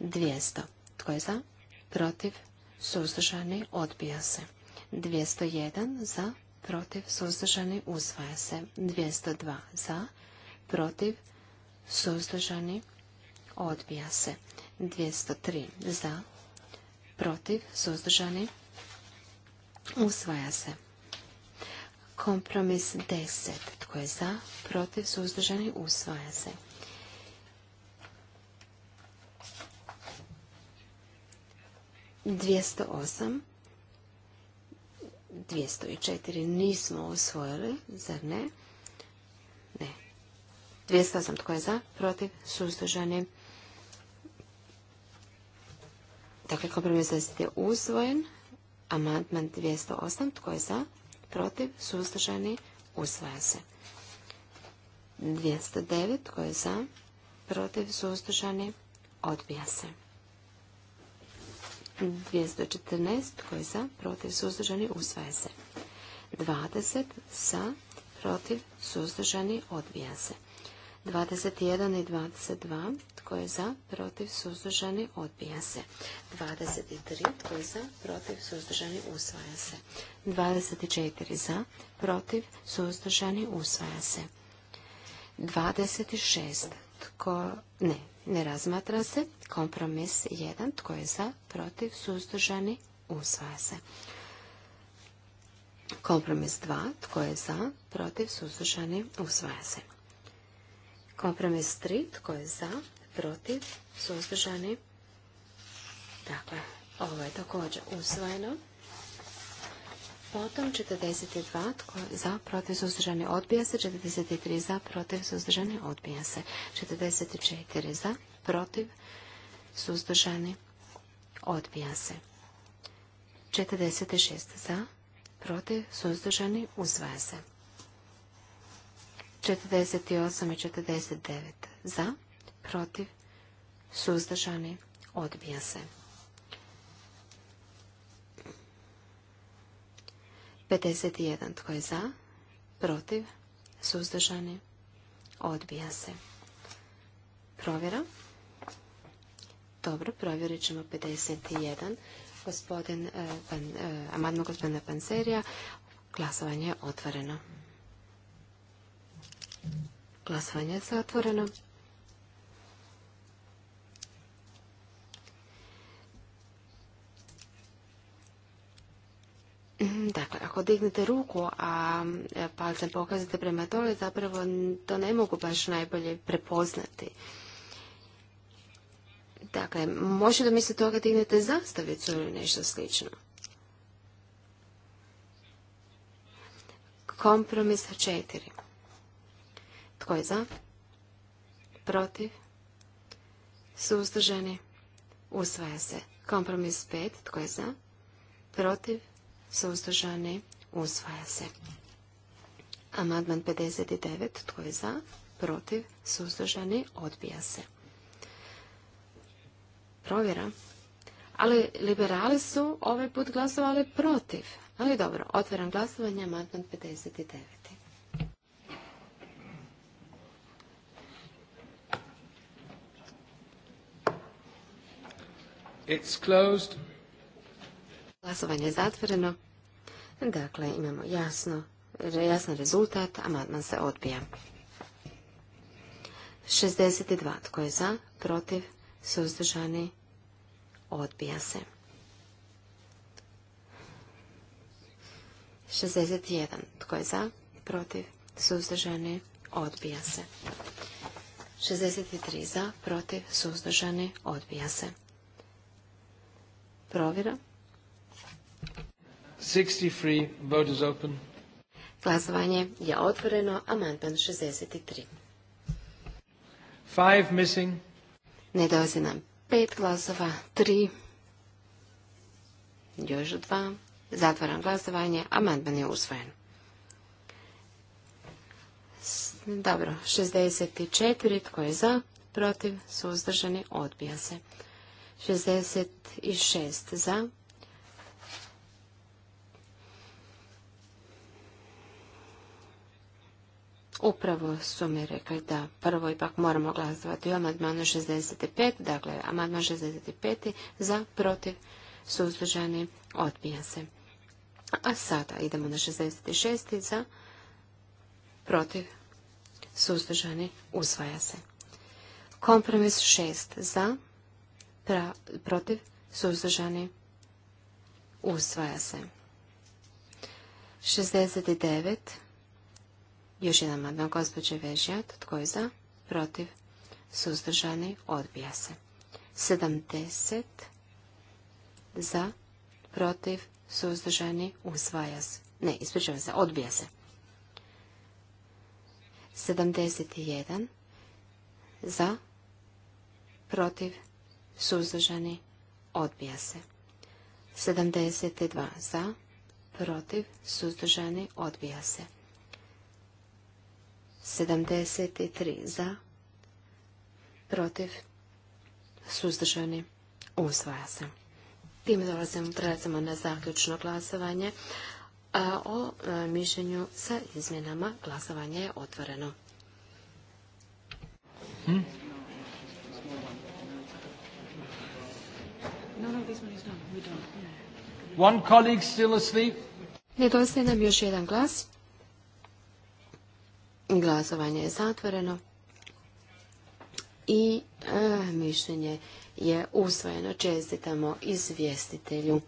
200 tko je za, protiv, suzdržani, odbija se. 201 za, protiv, suzdržani, usvaja se. 202 za, protiv, suzdržani, odbija se. 203 za, protiv, suzdržani, usvaja se. Kompromis 10. Tko je za, protiv, suzdržani, usvaja se. 208. 204 nismo usvojili, zar ne? Ne. 208 tko je za, protiv, suzdržani. Dakle, kompromis se je usvojen. Amandman 208 tko je za, protiv, suzdržani, usvaja se. 209 tko je za, protiv, suzdržani, odbija se. 214 koji je za, protiv, suzdržani, usvaja se. 20 sa, protiv, suzdržani, odbija se. 21 i 22, tko je za, protiv, suzdržani, odbija se. 23, tko je za, protiv, suzdržani, usvaja se. 24 za, protiv, suzdržani, usvaja se. 26, tko? Ne, ne razmatra se. Kompromis 1. Tko je za? Protiv? Suzdržani? Usvaja se. Kompromis 2. Tko je za? Protiv? Suzdržani? Usvaja se. Kompromis 3. Tko je za? Protiv? Suzdržani? Dakle, ovo je također usvojeno. Potom 42 tko za, protiv, suzdržani, odbija se. 43 za, protiv, suzdržani, odbija se. 44 za, protiv, suzdržani, odbija se. 46 za, protiv, suzdržani, uzvaja se. 48 i 49 za, protiv, suzdržani, odbija se. 51. Tko je za? Protiv? Suzdržani? Odbija se. Provjera. Dobro, provjerit ćemo 51. Gospodin, e, e, amadno gospodina Panserija. Glasovanje je otvoreno. Glasovanje je zatvoreno. Mhm, dakle, ako dignete ruku, a e, palcem pokazate prema tome, zapravo to ne mogu baš najbolje prepoznati. Dakle, može da mislite toga dignete zastavicu ili nešto slično. Kompromis četiri. Tko je za? Protiv? Suzdržani? Usvaja se. Kompromis pet. Tko je za? Protiv? suzdržani, usvaja se. Amandman 59. Tko je za? Protiv? Suzdržani? Odbija se. Provjera. Ali liberali su ovaj put glasovali protiv. Ali dobro, otvaram glasovanje, amandman 59. It's closed. Glasovanje je zatvoreno. Dakle, imamo jasno, jasan rezultat, amandman se odbija. 62. Tko je za? Protiv? Suzdržani? Odbija se. 61. Tko je za? Protiv? Suzdržani? Odbija se. 63. Za? Protiv? Suzdržani? Odbija se. Provjera. 63. Vote is open. Glasovanje je otvoreno. Amandman 63. Five missing. Nedozi nam pet glasova. Tri. Još dva. Zatvaram glasovanje. Amandman je usvojen. Dobro, 64. Tko je za? Protiv? Suzdržani? Odbija se. 66. Za? Upravo su mi rekli da prvo ipak moramo glasovati o amandmanu 65, dakle amandman 65 za protiv suzdržani odbija se. A sada idemo na 66 za protiv suzdržani usvaja se. Kompromis 6 za protiv suzdržani usvaja se. 69 još jedan amandman gospođe Vežijat. Tko je za? Protiv? Suzdržani? Odbija se. 70 za, protiv, suzdržani, usvaja se. Ne, ispričavam se, odbija se. 71 za, protiv, suzdržani, odbija se. 72 za, protiv, suzdržani, odbija se. 73 za, protiv, suzdržani, usvaja se. Time dolazimo, prelazimo na zaključno glasovanje. o e, mišljenju sa izmjenama glasovanje je otvoreno. Hm? Nedostaje nam još jedan glas. Glasovanje je zatvoreno i eh, mišljenje je usvojeno. Čestitamo izvjestitelju.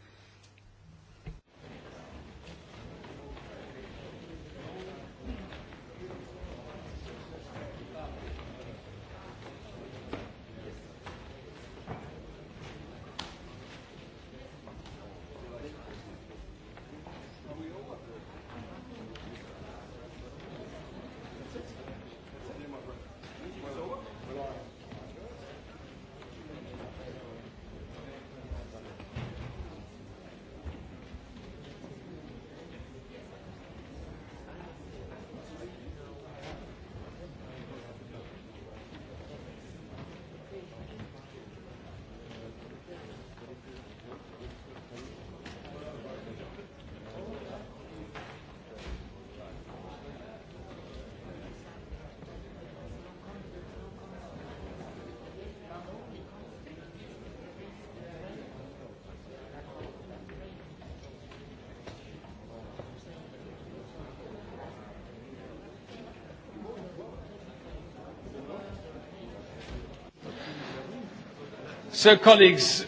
So, colleagues,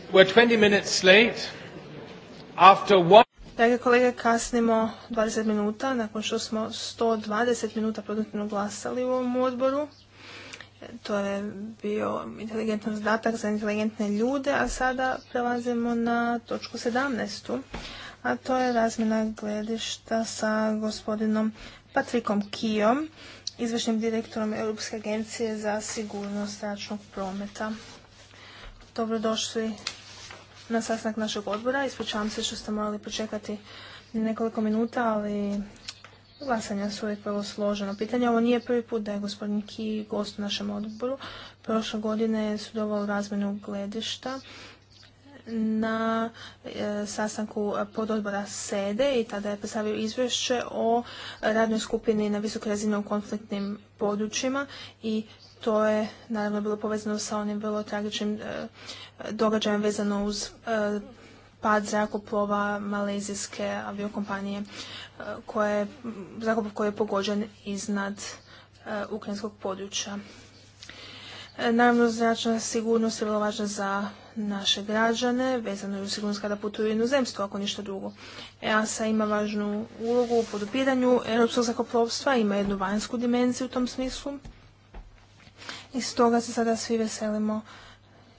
Drage kolege, kasnimo 20 minuta nakon što smo 120 minuta produktivno glasali u ovom odboru. E, to je bio inteligentan zadatak za inteligentne ljude, a sada prelazimo na točku 17. A to je razmjena gledišta sa gospodinom Patrikom Kijom, izvršnim direktorom Europske agencije za sigurnost zračnog prometa dobrodošli na sastanak našeg odbora. Ispričavam se što ste morali počekati nekoliko minuta, ali glasanja su uvijek vrlo složeno pitanje. Ovo nije prvi put da je gospodin Ki gost u našem odboru. Prošle godine je sudovao razmjenu gledišta na e, sastanku pododbora SEDE i tada je predstavio izvješće o radnoj skupini na visokoj razini konfliktnim područjima i to je naravno bilo povezano sa onim vrlo tragičnim e, događajem vezano uz e, pad zrakoplova malezijske aviokompanije e, koje, zrakoplov koji je pogođen iznad ukrajinskog područja. Naravno, zračna sigurnost je vrlo važna za naše građane, vezano je u sigurnost kada putuju u inozemstvo, ako ništa drugo. EASA ima važnu ulogu u podupiranju europskog zakoplovstva, ima jednu vanjsku dimenziju u tom smislu i stoga se sada svi veselimo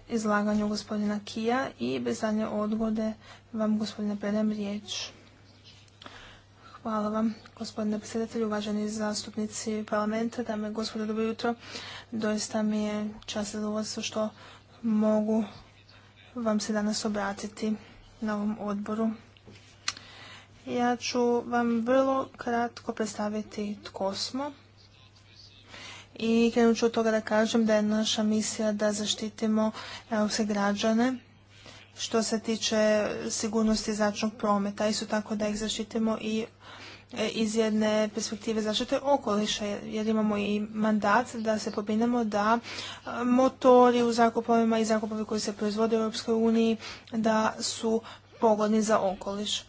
izlaganju gospodina Kija i bez zadnje odgode vam gospodine predam riječ. Hvala vam, gospodine predsjedatelju, uvaženi zastupnici parlamenta, dame i gospodo, dobro jutro. Doista mi je čast zadovoljstvo što mogu vam se danas obratiti na ovom odboru. Ja ću vam vrlo kratko predstaviti tko smo i krenut ću od toga da kažem da je naša misija da zaštitimo europske građane što se tiče sigurnosti zračnog prometa. Isto tako da ih zaštitimo i e, iz jedne perspektive zaštite okoliša, jer imamo i mandat da se pobinemo da e, motori u zrakoplovima i zrakoplovi koji se proizvode u Europskoj uniji da su pogodni za okoliš.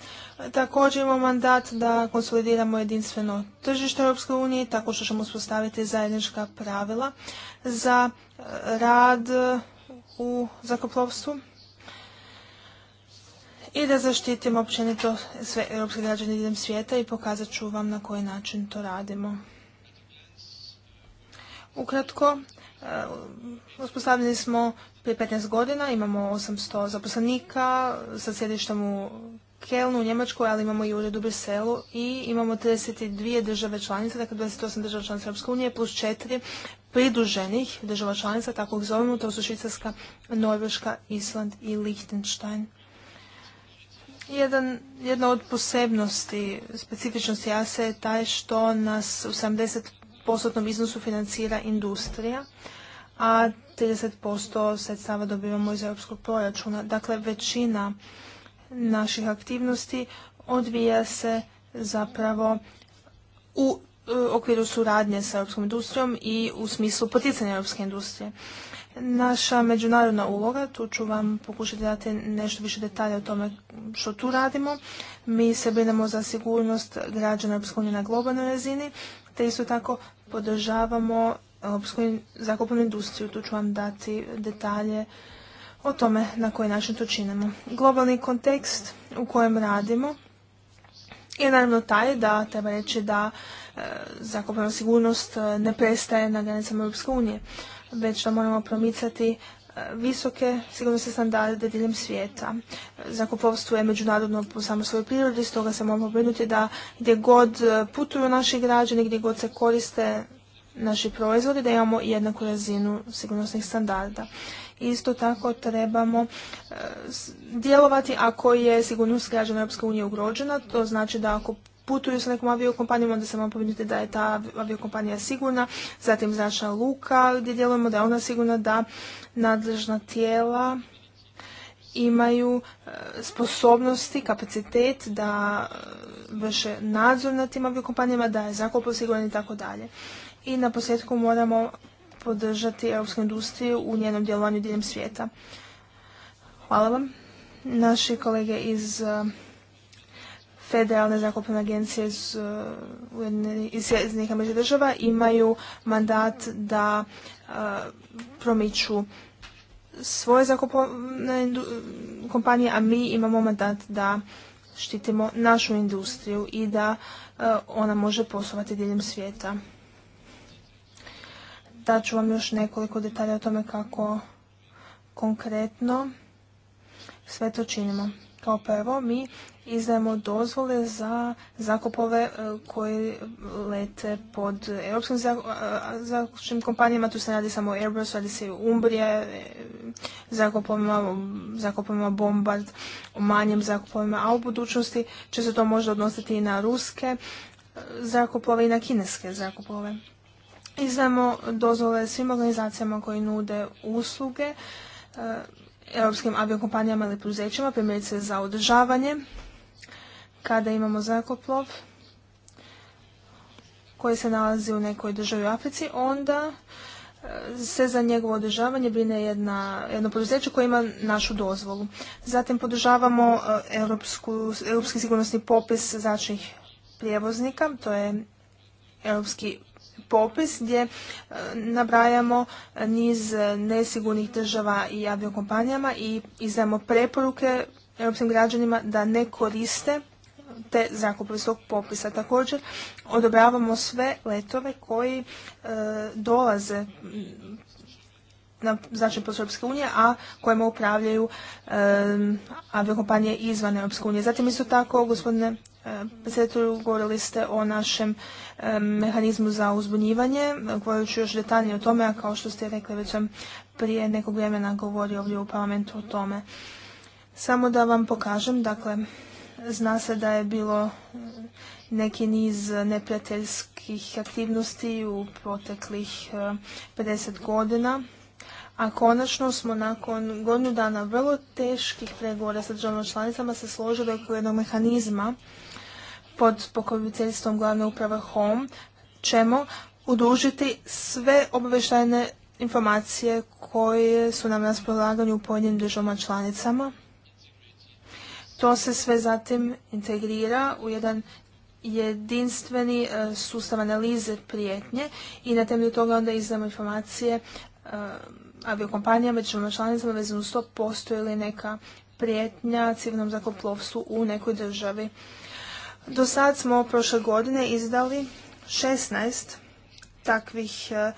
Također imamo mandat da konsolidiramo jedinstveno tržište Europske unije tako što ćemo uspostaviti zajednička pravila za e, rad e, u zakoplovstvu i da zaštitimo općenito sve europske građane diljem svijeta i pokazat ću vam na koji način to radimo. Ukratko, e, uspostavili smo prije 15 godina imamo 800 zaposlenika sa sjedištem u Kelnu u Njemačkoj, ali imamo i ured u Briselu i imamo 32 države članice, dakle 28 država članica Europske unije plus 4 pridruženih država članica, tako ih zovemo, to su Švicarska, Norveška, Island i Liechtenstein. Jedan, jedna od posebnosti, specifičnosti jase je taj što nas u 70% iznosu financira industrija, a 30% sredstava dobivamo iz europskog proračuna. Dakle, većina naših aktivnosti odvija se zapravo u e, okviru suradnje sa europskom industrijom i u smislu poticanja europske industrije. Naša međunarodna uloga, tu ću vam pokušati dati nešto više detalja o tome što tu radimo. Mi se brinemo za sigurnost građana Europske unije na globalnoj razini, te isto tako podržavamo Europsku zakopnu industriju. Tu ću vam dati detalje o tome na koji način to činimo. Globalni kontekst u kojem radimo je naravno taj da treba reći da e, sigurnost e, ne prestaje na granicama Europske unije, već da moramo promicati e, visoke sigurnosne standarde diljem svijeta. Zakupovstvo je međunarodno po samo svojoj prirodi, stoga se moramo brinuti da gdje god e, putuju naši građani, gdje god se koriste naši proizvodi, da imamo jednaku razinu sigurnosnih standarda. Isto tako trebamo e, djelovati ako je sigurnost građana Europske unije ugrođena. to znači da ako putuju sa nekom aviokompanijom, onda se vam povinuti da je ta aviokompanija sigurna, zatim zračna luka gdje djelujemo da je ona sigurna da nadležna tijela imaju e, sposobnosti, kapacitet da e, vrše nadzor nad tim aviokompanijama, da je zakop osiguran i tako dalje i na posljedku moramo podržati europsku industriju u njenom djelovanju diljem svijeta. Hvala vam. Naši kolege iz eh, Federalne zakupne agencije iz, eh, iz država imaju mandat da eh, promiču svoje zakupne kompanije, a mi imamo mandat da štitimo našu industriju i da ona može poslovati diljem svijeta dat vam još nekoliko detalja o tome kako konkretno sve to činimo. Kao prvo, mi izdajemo dozvole za zakupove e, koji lete pod europskim zakupnim e, kompanijama. Tu se radi samo o Airbus, radi se o Umbrije, e, zakupovima, Bombard, o manjim zakupovima, a u budućnosti će se to možda odnositi i na ruske zakupove i na kineske zakupove izdajemo dozvole svim organizacijama koji nude usluge e, europskim aviokompanijama ili poduzećima, primjerice za održavanje, kada imamo zrakoplov koji se nalazi u nekoj državi u Africi, onda e, se za njegovo održavanje brine jedno poduzeće koje ima našu dozvolu. Zatim podržavamo e, europski sigurnosni popis zračnih prijevoznika, to je europski popis gdje e, nabrajamo niz nesigurnih država i aviokompanijama i izdajemo preporuke europskim građanima da ne koriste te zrakoplovskog popisa. Također odobravamo sve letove koji e, dolaze na značaj Europske unije, a kojima upravljaju e, aviokompanije izvan Europske unije. Zatim isto tako, gospodine predsjedatelju, govorili ste o našem mehanizmu za uzbunjivanje, govorit ću još detaljnije o tome, a kao što ste rekli, već sam prije nekog vremena govorio ovdje u parlamentu o tome. Samo da vam pokažem, dakle, zna se da je bilo neki niz neprijateljskih aktivnosti u proteklih 50 godina a konačno smo nakon godinu dana vrlo teških pregovora sa državama članicama se složili oko jednog mehanizma pod pokoviteljstvom glavne uprave HOME ćemo udužiti sve obavještajne informacije koje su nam na raspolaganju u pojedinim državama članicama. To se sve zatim integrira u jedan jedinstveni e, sustav analize prijetnje i na temelju toga onda izdamo informacije e, aviokompanijama i članicama vezano uz to postoji li neka prijetnja civilnom zakoplovstvu u nekoj državi. Do sad smo prošle godine izdali 16 takvih e,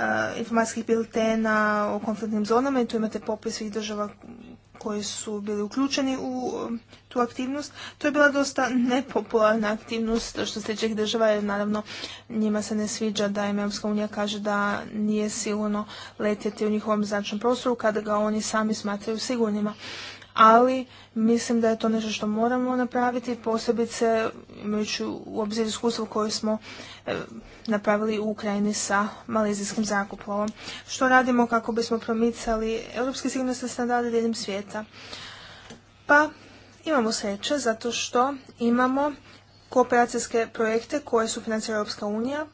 e, informacijskih biltena o konfliktnim zonama i tu imate popis svih država koji su bili uključeni u um, tu aktivnost. To je bila dosta nepopularna aktivnost što se tiče država jer naravno njima se ne sviđa da im Europska unija kaže da nije sigurno letjeti u njihovom zračnom prostoru kada ga oni sami smatraju sigurnima ali mislim da je to nešto što moramo napraviti, posebice imajući u obzir iskustvo koje smo e, napravili u Ukrajini sa malezijskim zakuplovom. Što radimo kako bismo promicali europske sigurnosne standarde diljem svijeta? Pa imamo sreće zato što imamo kooperacijske projekte koje su financira Europska unija,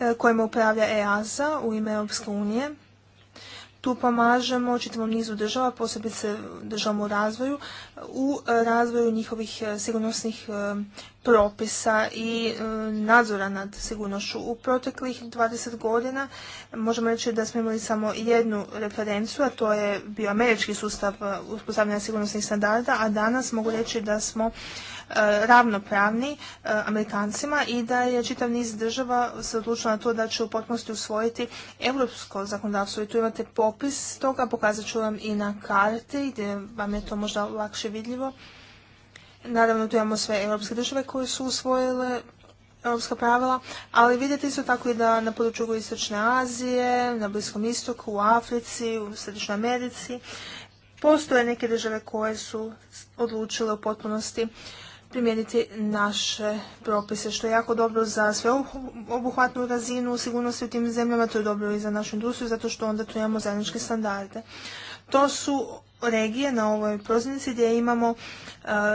e, kojima upravlja EASA u ime Europske unije tu pomažemo čitavom nizu država, posebice državom u razvoju, u e, razvoju njihovih e, sigurnosnih e, propisa i nadzora nad sigurnošću. U proteklih 20 godina možemo reći da smo imali samo jednu referencu, a to je bio američki sustav uspostavljanja sigurnosnih standarda, a danas mogu reći da smo ravnopravni e, Amerikancima i da je čitav niz država se odlučila na to da će u potpunosti usvojiti europsko zakonodavstvo. I tu imate popis toga, pokazat ću vam i na karti gdje vam je to možda lakše vidljivo. Naravno tu imamo sve europske države koje su usvojile europska pravila, ali vidjeti isto tako i da na području Istočne Azije, na Bliskom istoku, u Africi, u Središnjoj Americi, postoje neke države koje su odlučile u potpunosti primijeniti naše propise, što je jako dobro za sve razinu sigurnosti u tim zemljama, to je dobro i za našu industriju, zato što onda tu imamo zajedničke standarde. To su regije na ovoj proznici gdje imamo e,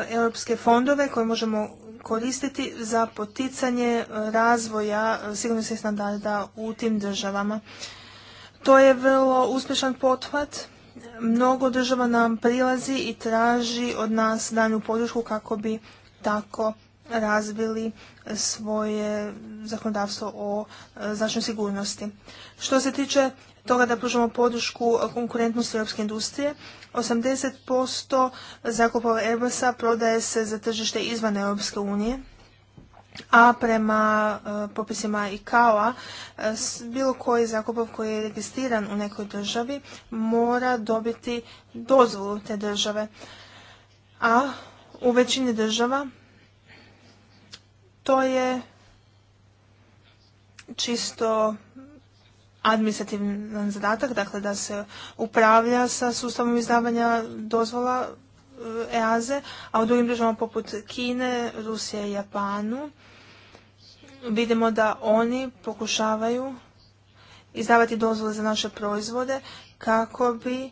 europske fondove koje možemo koristiti za poticanje e, razvoja e, sigurnosnih standarda u tim državama. To je vrlo uspješan potvat. Mnogo država nam prilazi i traži od nas danju podršku kako bi tako razvili svoje zakonodavstvo o e, značnoj sigurnosti. Što se tiče toga da pružamo podršku konkurentnosti europske industrije, 80% zakupova Airbusa prodaje se za tržište izvan Europske unije, a prema e, popisima ICAO-a e, bilo koji zakupov koji je registriran u nekoj državi mora dobiti dozvolu te države. A u većini država to je čisto administrativan zadatak, dakle da se upravlja sa sustavom izdavanja dozvola EAZE, e a u drugim državama poput Kine, Rusije i Japanu vidimo da oni pokušavaju izdavati dozvole za naše proizvode kako bi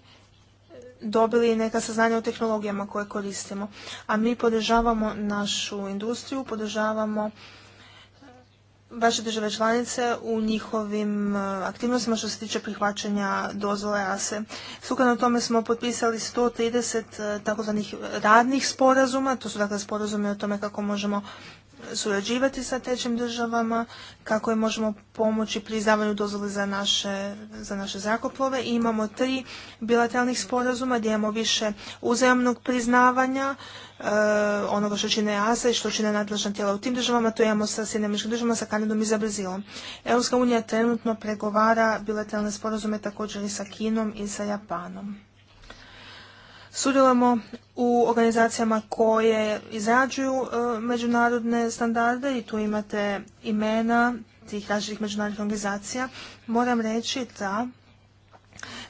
dobili neka saznanja o tehnologijama koje koristimo. A mi podržavamo našu industriju, podržavamo vaše države članice u njihovim e, aktivnostima što se tiče prihvaćanja dozvole ASE. Sukladno tome smo potpisali 130 e, takozvanih radnih sporazuma, to su dakle sporazume o tome kako možemo surađivati sa trećim državama, kako je možemo pomoći pri izdavanju dozvole za naše, za naše zrakoplove. I imamo tri bilateralnih sporazuma gdje imamo više uzajamnog priznavanja e, onoga što čine ASA i što čine nadležna tijela u tim državama. To imamo sa Sjedinjeničkim državama, sa Kanadom i za Brazilom. Europska unija trenutno pregovara bilateralne sporazume također i sa Kinom i sa Japanom sudjelujemo u organizacijama koje izrađuju e, međunarodne standarde i tu imate imena tih različitih međunarodnih organizacija. Moram reći da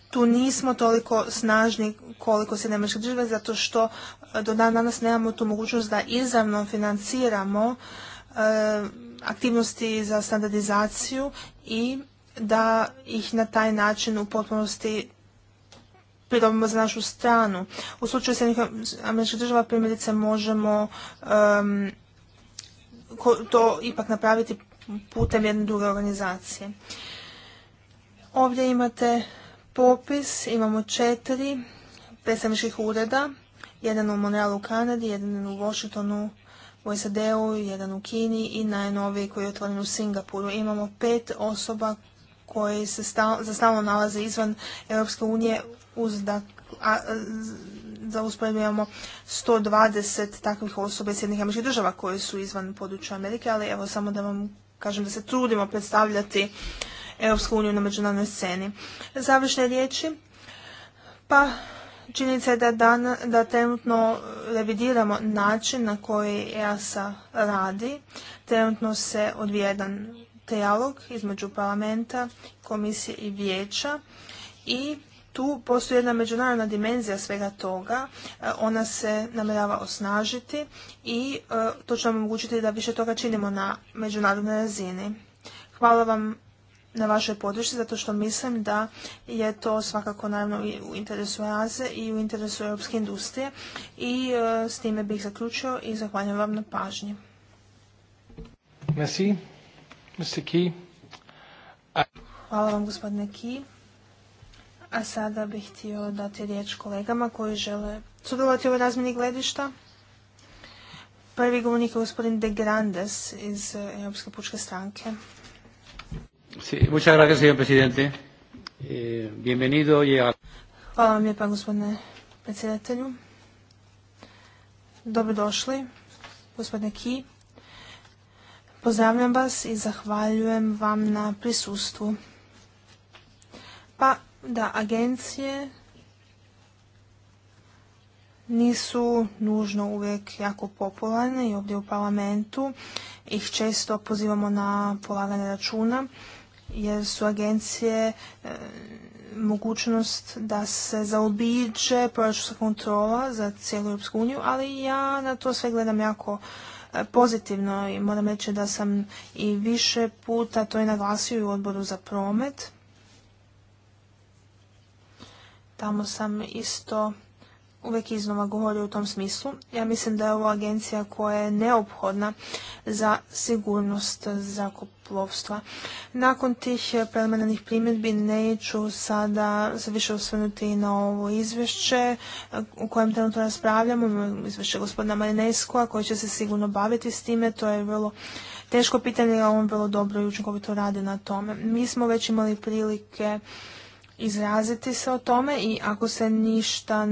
tu nismo toliko snažni koliko se nemačke države, zato što e, do dan danas nemamo tu mogućnost da izravno financiramo e, aktivnosti za standardizaciju i da ih na taj način u potpunosti pridobimo za našu stranu. U slučaju Sjednih američkih država primjerice možemo um, to ipak napraviti putem jedne druge organizacije. Ovdje imate popis, imamo četiri predstavničkih ureda, jedan u Monrealu u Kanadi, jedan u Washingtonu u SAD-u, jedan u Kini i najnoviji koji je otvoren u Singapuru. Imamo pet osoba koji se za stalno nalaze izvan Europske unije uz da, a, za usporedbu imamo 120 takvih osoba iz Sjednih američkih država koje su izvan područja Amerike, ali evo samo da vam kažem da se trudimo predstavljati Europsku uniju na međunarodnoj sceni. Završne riječi, pa činjenica je da, da trenutno revidiramo način na koji EASA radi. Trenutno se odvija jedan dijalog između parlamenta, komisije i vijeća i tu postoji jedna međunarodna dimenzija svega toga, e, ona se namjerava osnažiti i e, to će nam omogućiti da više toga činimo na međunarodnoj razini. Hvala vam na vašoj podršci zato što mislim da je to svakako naravno i u interesu Aze i u interesu europske industrije i e, s time bih zaključio i zahvaljujem vam na pažnji. Hvala vam gospodine Ki. A sada bih htio dati riječ kolegama koji žele sudjelovati u ovoj razmjeni gledišta. Prvi govornik je gospodin De Grandes iz Europske pučke stranke. Eh, Hvala vam lijepa gospodine predsjedatelju. došli, gospodine Ki. Pozdravljam vas i zahvaljujem vam na prisustvu. Pa da agencije nisu nužno uvijek jako popularne i ovdje u parlamentu ih često pozivamo na polaganje računa jer su agencije e, mogućnost da se zaobiđe proračunska kontrola za cijelu Europsku uniju, ali ja na to sve gledam jako e, pozitivno i moram reći da sam i više puta to i naglasio i u odboru za promet Tamo sam isto uvijek iznova govorio u tom smislu. Ja mislim da je ovo agencija koja je neophodna za sigurnost zakoplovstva. Nakon tih preliminarnih primjedbi neću sada se više osvrnuti na ovo izvješće u kojem trenutno raspravljamo, izvješće gospodina Marineskoa koji će se sigurno baviti s time, to je vrlo teško pitanje, a on vrlo dobro i učinkovito radi na tome. Mi smo već imali prilike izraziti se o tome i ako se ništa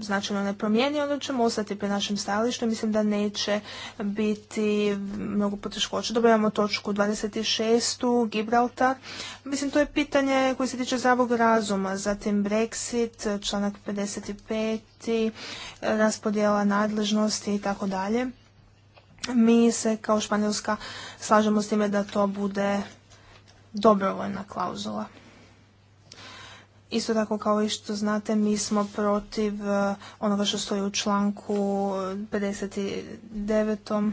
značajno ne promijeni, onda ćemo ostati pri našem stajalištu. Mislim da neće biti mnogo poteškoća. Dobijamo točku 26. Gibraltar. Mislim, to je pitanje koje se tiče zdravog razuma. Zatim Brexit, članak 55. raspodjela nadležnosti i tako dalje. Mi se kao Španjolska slažemo s time da to bude dobrovoljna klauzula. Isto tako kao i što znate, mi smo protiv e, onoga što stoji u članku 59. E,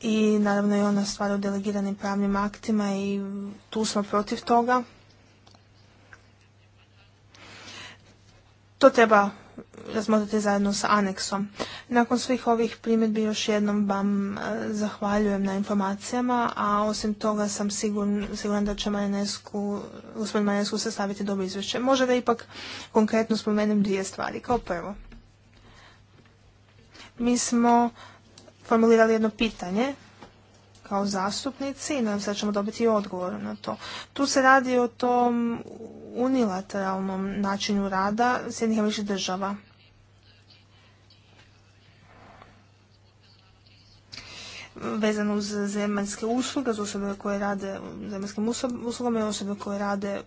I naravno je ona stvar u delegiranim pravnim aktima i tu smo protiv toga. To treba razmotrite zajedno sa aneksom. Nakon svih ovih primjedbi još jednom vam e, zahvaljujem na informacijama, a osim toga sam siguran da će Majanesku, gospodin Majanesku sastaviti dobro izvješće. Može da ipak konkretno spomenem dvije stvari. Kao prvo, mi smo formulirali jedno pitanje kao zastupnici i nadam se da ćemo dobiti odgovor na to. Tu se radi o tom unilateralnom načinu rada Sjednih američkih država. vezano uz zemaljske usluge, za osobe koje rade zemaljskim uslugama i osobe koje rade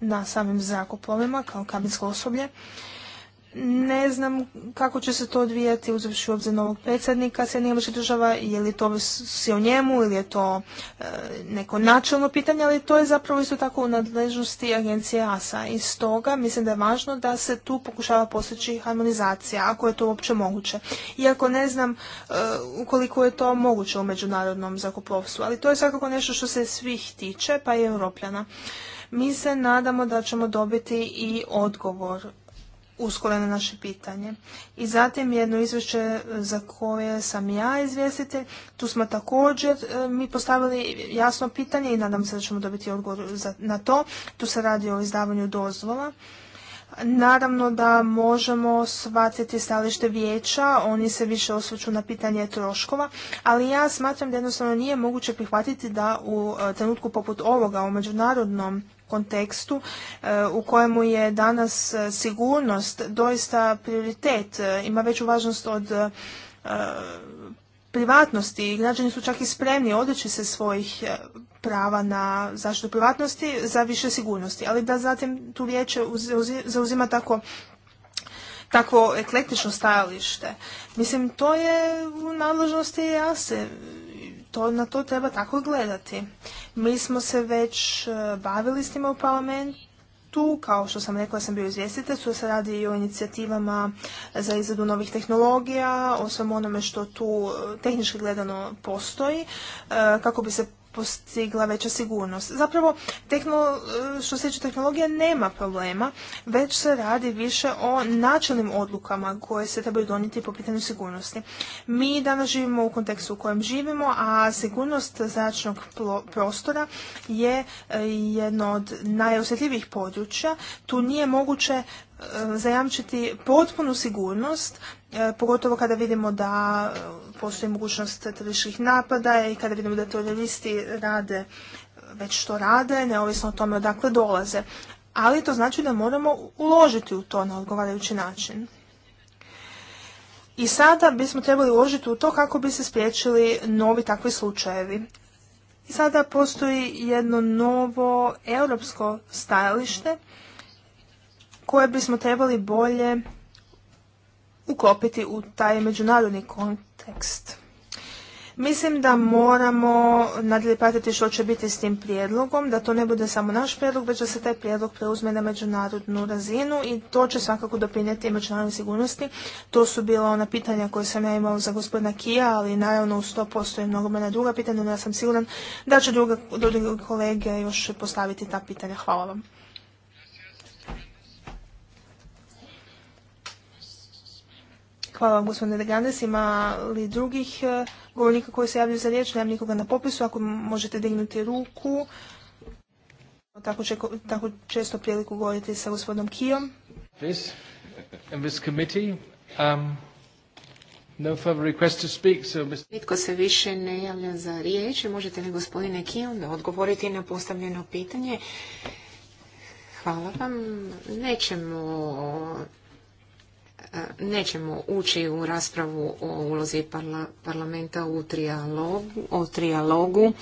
na samim zrakoplovima kao kabinsko osoblje. Ne znam kako će se to odvijati uzevši u obzir novog predsjednika Sjedinjenih država, je li to si o njemu ili je to e, neko načelno pitanje, ali to je zapravo isto tako u nadležnosti agencije ASA. I stoga mislim da je važno da se tu pokušava postići harmonizacija, ako je to uopće moguće. Iako ne znam e, ukoliko je to moguće u međunarodnom zrakoplovstvu, ali to je svakako nešto što se svih tiče, pa i europljana. Mi se nadamo da ćemo dobiti i odgovor uskoro na naše pitanje. I zatim jedno izvješće e, za koje sam ja izvjestitelj. Tu smo također e, mi postavili jasno pitanje i nadam se da ćemo dobiti odgovor na to. Tu se radi o izdavanju dozvola. Naravno da možemo shvatiti stalište vijeća, oni se više osvrću na pitanje troškova, ali ja smatram da jednostavno nije moguće prihvatiti da u e, trenutku poput ovoga o međunarodnom kontekstu e, u kojemu je danas e, sigurnost doista prioritet, e, ima veću važnost od privatnosti i građani su čak i spremni odreći se svojih prava na zaštitu privatnosti za više sigurnosti. Ali da zatim tu vijeće zauzima tako takvo eklektično stajalište. Mislim, to je u nadležnosti se to, na to treba tako gledati. Mi smo se već e, bavili s njima u parlamentu, kao što sam rekla, sam bio izvjestitelj, su se radi i o inicijativama za izradu novih tehnologija, o svem onome što tu e, tehnički gledano postoji, e, kako bi se postigla veća sigurnost. Zapravo, što se tiče tehnologije, nema problema, već se radi više o načelnim odlukama koje se trebaju donijeti po pitanju sigurnosti. Mi danas živimo u kontekstu u kojem živimo, a sigurnost zračnog prostora je e, jedno od najosjetljivijih područja. Tu nije moguće e, zajamčiti potpunu sigurnost E, pogotovo kada vidimo da e, postoji mogućnost terorističkih napada i kada vidimo da teroristi rade e, već što rade, neovisno o tome odakle dolaze. Ali to znači da moramo uložiti u to na odgovarajući način. I sada bismo trebali uložiti u to kako bi se spriječili novi takvi slučajevi. I sada postoji jedno novo europsko stajalište koje bismo trebali bolje ukopiti u taj međunarodni kontekst. Mislim da moramo nadalje što će biti s tim prijedlogom, da to ne bude samo naš prijedlog, već da se taj prijedlog preuzme na međunarodnu razinu i to će svakako doprinijeti međunarodnoj sigurnosti. To su bila ona pitanja koje sam ja imala za gospodina Kija, ali naravno uz to postoje mnogo mene druga pitanja, no ja sam siguran da će druga, kolege još postaviti ta pitanja. Hvala vam. Hvala vam gospodine Degandes. Ima li drugih e, govornika koji se javljaju za riječ? Nemam nikoga na popisu. Ako možete dignuti ruku, tako, tako često priliku govoriti sa gospodinom Kijom. Nitko se više ne javlja za riječ. Možete li gospodine Kijom da odgovoriti na postavljeno pitanje? Hvala vam. Nećemo nećemo ući u raspravu o ulozi parlamenta u o trialogu.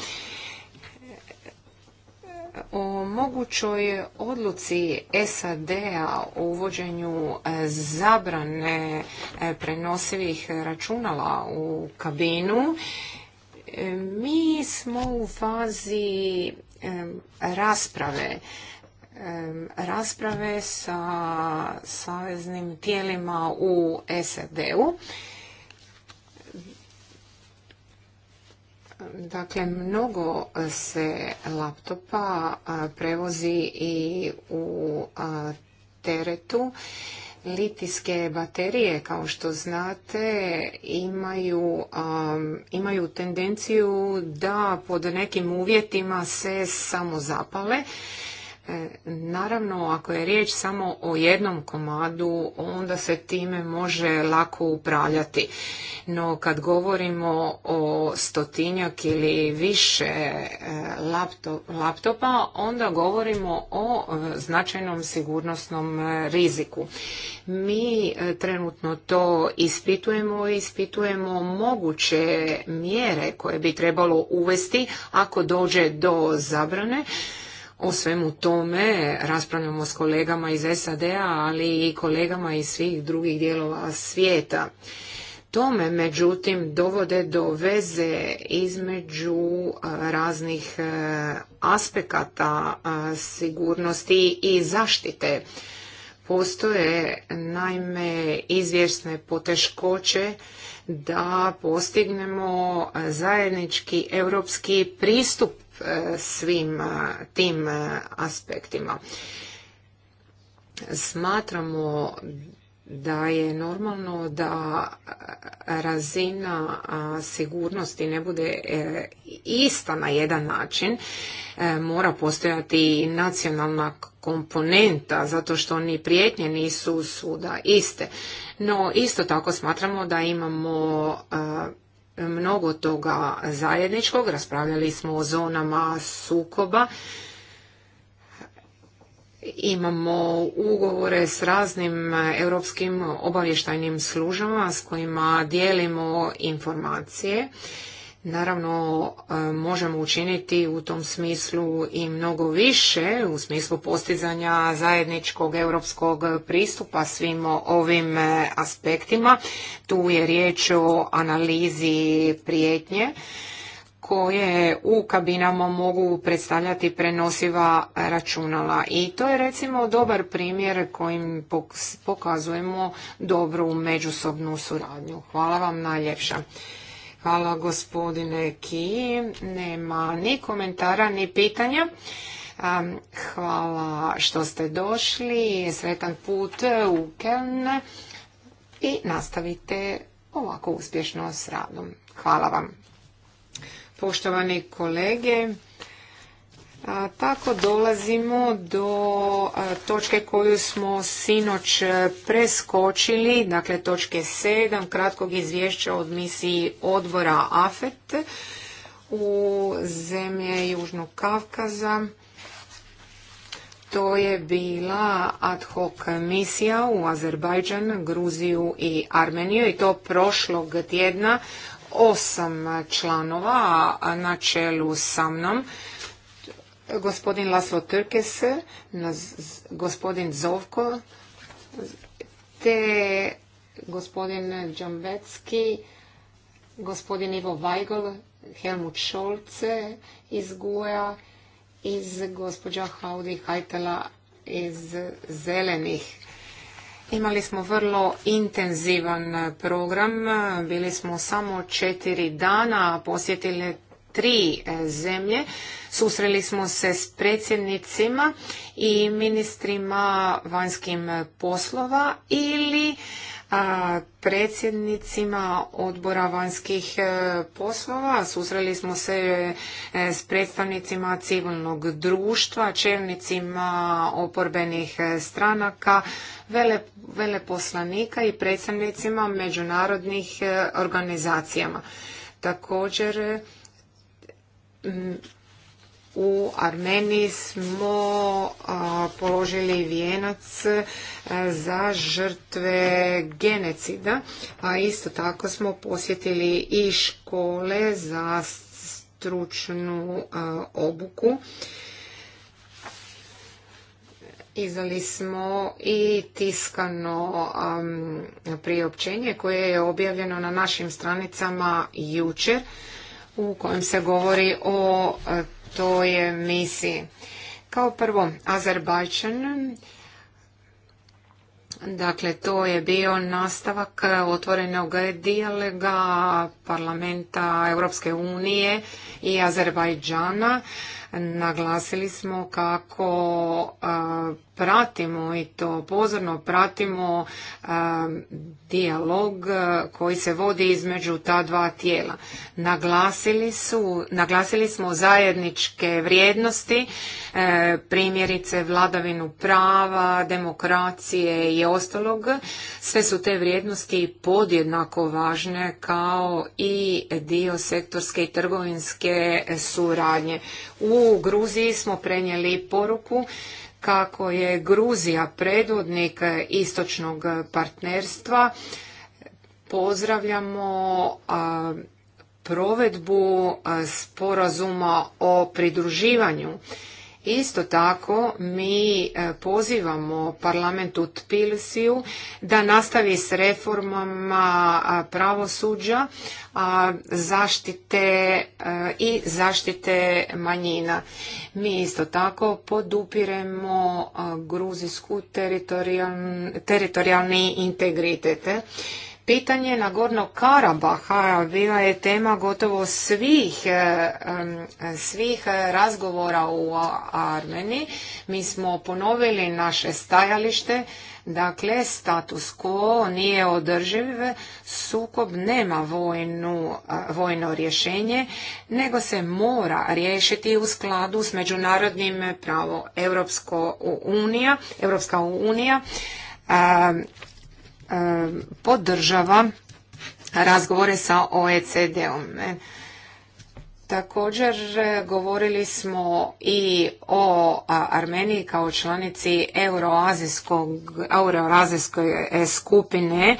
o mogućoj odluci SAD-a o uvođenju e, zabrane e, prenosivih računala u kabinu. E, mi smo u fazi rasprave rasprave sa saveznim tijelima u sed u Dakle, mnogo se laptopa prevozi i u teretu. Litijske baterije, kao što znate, imaju, imaju tendenciju da pod nekim uvjetima se samo zapale E, naravno, ako je riječ samo o jednom komadu, onda se time može lako upravljati. No, kad govorimo o stotinjak ili više e, laptopa, onda govorimo o e, značajnom sigurnosnom riziku. Mi trenutno to ispitujemo i ispitujemo moguće mjere koje bi trebalo uvesti ako dođe do zabrane o svemu tome, raspravljamo s kolegama iz SAD-a, ali i kolegama iz svih drugih dijelova svijeta. Tome, međutim, dovode do veze između raznih aspekata sigurnosti i zaštite Postoje naime izvjesne poteškoće da postignemo zajednički europski pristup e, svim e, tim e, aspektima. Smatramo da je normalno da razina sigurnosti ne bude e, ista na jedan način, e, mora postojati nacionalna komponenta zato što ni prijetnje nisu svuda iste. No isto tako smatramo da imamo mnogo toga zajedničkog, raspravljali smo o zonama sukoba Imamo ugovore s raznim e, europskim obavještajnim službama s kojima dijelimo informacije. Naravno, e, možemo učiniti u tom smislu i mnogo više, u smislu postizanja zajedničkog europskog pristupa svim ovim e, aspektima. Tu je riječ o analizi prijetnje koje u kabinama mogu predstavljati prenosiva računala. I to je recimo dobar primjer kojim pokazujemo dobru međusobnu suradnju. Hvala vam najljepša. Hvala gospodine Ki. Nema ni komentara ni pitanja. Hvala što ste došli. Sretan put u Keln. I nastavite ovako uspješno s radom. Hvala vam poštovani kolege. tako dolazimo do točke koju smo sinoć preskočili, dakle točke 7 kratkog izvješća od misiji odbora AFET u zemlje Južnog Kavkaza. To je bila ad hoc misija u Azerbajdžan, Gruziju i Armeniju i to prošlog tjedna osam članova na čelu sa mnom. Gospodin Laslo Trkese, gospodin Zovko, te gospodin Džambecki, gospodin Ivo Vajgol, Helmut Šolce iz Guja, iz gospođa Haudi Hajtela iz Zelenih. Imali smo vrlo intenzivan program, bili smo samo četiri dana, posjetili tri e, zemlje. Susreli smo se s predsjednicima i ministrima vanjskim poslova ili predsjednicima odbora vanjskih e, poslova. Susreli smo se e, s predstavnicima civilnog društva, čelnicima oporbenih e, stranaka, veleposlanika i predstavnicima međunarodnih organizacijama. Također u Armeniji smo položili vijenac za žrtve genecida, a isto tako smo posjetili i škole za stručnu obuku. Izdali smo i tiskano priopćenje koje je objavljeno na našim stranicama jučer u kojem se govori o toj misiji. Kao prvo, Azerbajčan, Dakle, to je bio nastavak otvorenog dijaloga parlamenta Europske unije i Azerbajdžana Naglasili smo kako pratimo i to pozorno pratimo dijalog koji se vodi između ta dva tijela. Naglasili, su, naglasili smo zajedničke vrijednosti, e, primjerice vladavinu prava, demokracije i ostalog. Sve su te vrijednosti podjednako važne kao i dio sektorske i trgovinske suradnje. U u Gruziji smo prenijeli poruku kako je Gruzija predvodnik istočnog partnerstva. Pozdravljamo provedbu sporazuma o pridruživanju Isto tako mi e, pozivamo parlament u da nastavi s reformama pravosuđa zaštite e, i zaštite manjina. Mi isto tako podupiremo gruzijsku teritorijalni integritete Pitanje Nagorno Karabaha bila je tema gotovo svih, eh, svih razgovora u Armeniji. Mi smo ponovili naše stajalište, dakle status quo nije održiv, sukob nema vojnu, eh, vojno rješenje, nego se mora riješiti u skladu s međunarodnim pravo Europsko unija, Europska unija podržava razgovore sa OECD-om. E, također e, govorili smo i o Armeniji kao članici euroazijskoj e, skupine.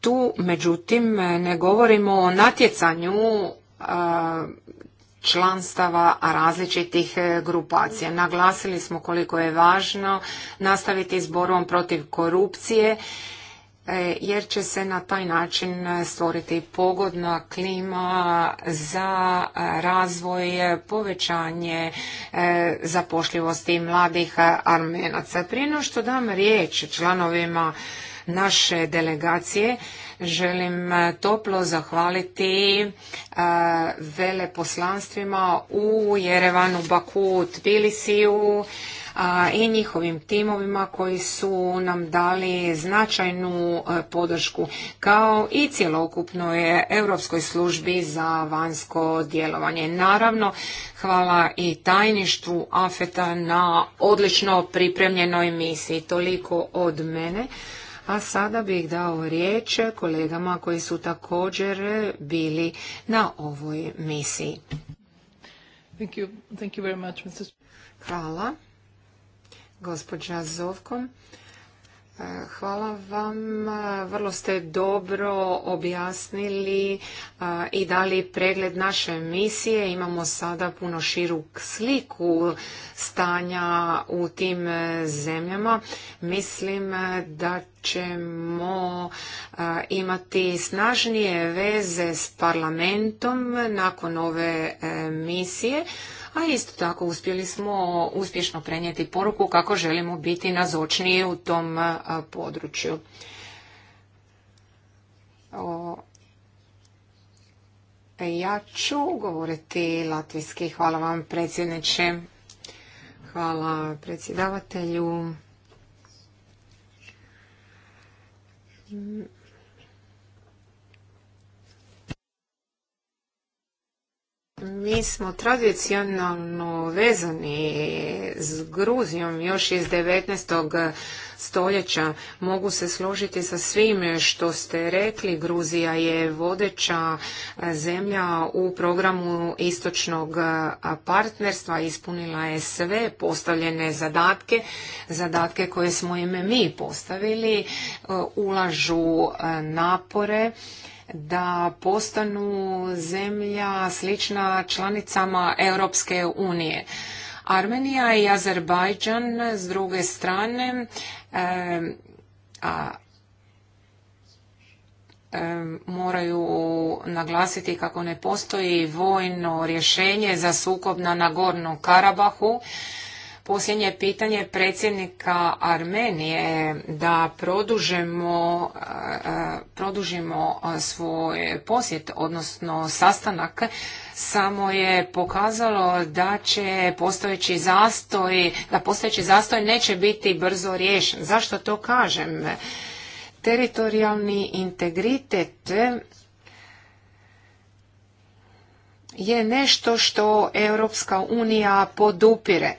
Tu, međutim, ne govorimo o natjecanju članstava različitih e, grupacija. Naglasili smo koliko je važno nastaviti s borbom protiv korupcije e, jer će se na taj način e, stvoriti pogodna klima za razvoj, povećanje zapošljivosti mladih armenaca. Prije no što dam riječ članovima naše delegacije, Želim e, toplo zahvaliti e, veleposlanstvima u Jerevanu, Baku, Tbilisiju, i njihovim timovima koji su nam dali značajnu e, podršku kao i cjelokupnoj Europskoj službi za vanjsko djelovanje. Naravno, hvala i tajništvu AFETA na odlično pripremljenoj misiji. Toliko od mene. A sada bih dao riječ kolegama koji su također bili na ovoj misiji. Thank Hvala. Gospođa Zovko. Hvala vam. Vrlo ste dobro objasnili i dali pregled naše misije. Imamo sada puno širu sliku stanja u tim zemljama. Mislim da ćemo imati snažnije veze s parlamentom nakon ove e, misije a isto tako uspjeli smo uspješno prenijeti poruku kako želimo biti nazočniji u tom području. Ja ću govoriti latvijski. Hvala vam predsjedniče. Hvala predsjedavatelju. Mi smo tradicionalno vezani s Gruzijom još iz 19. stoljeća. Mogu se složiti sa svim što ste rekli. Gruzija je vodeća zemlja u programu istočnog partnerstva. Ispunila je sve postavljene zadatke, zadatke koje smo im mi postavili. Ulažu napore da postanu zemlja slična članicama Europske unije. Armenija i Azerbajdžan s druge strane a, moraju naglasiti kako ne postoji vojno rješenje za sukob na Nagorno Karabahu Posljednje pitanje predsjednika Armenije da e, produžimo e, svoj posjet, odnosno sastanak, samo je pokazalo da će postojeći zastoj, da postojeći zastoj neće biti brzo riješen. Zašto to kažem? Teritorijalni integritet je nešto što Europska unija podupire.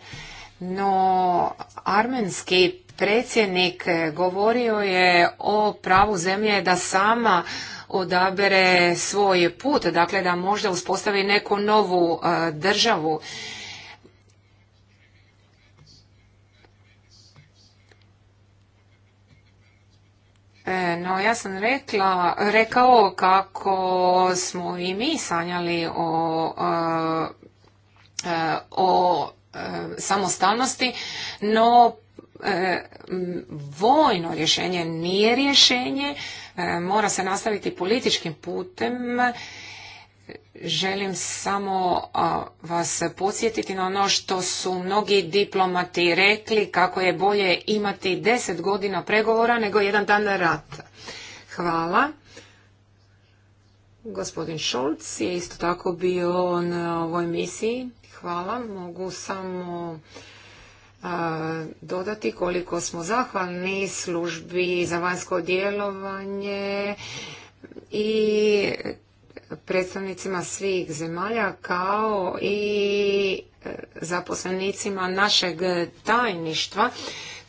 No, armenski predsjednik govorio je o pravu zemlje da sama odabere svoj put, dakle da možda uspostavi neku novu uh, državu. E, no, ja sam rekla, rekao kako smo i mi sanjali o, uh, uh, o, o E, samostalnosti, no e, vojno rješenje nije rješenje, e, mora se nastaviti političkim putem. Želim samo vas podsjetiti na ono što su mnogi diplomati rekli kako je bolje imati deset godina pregovora nego jedan dan rata. Hvala. Gospodin Šolc je isto tako bio na ovoj misiji. Hvala. Mogu samo dodati koliko smo zahvalni službi za vanjsko djelovanje i predstavnicima svih zemalja kao i e, zaposlenicima našeg tajništva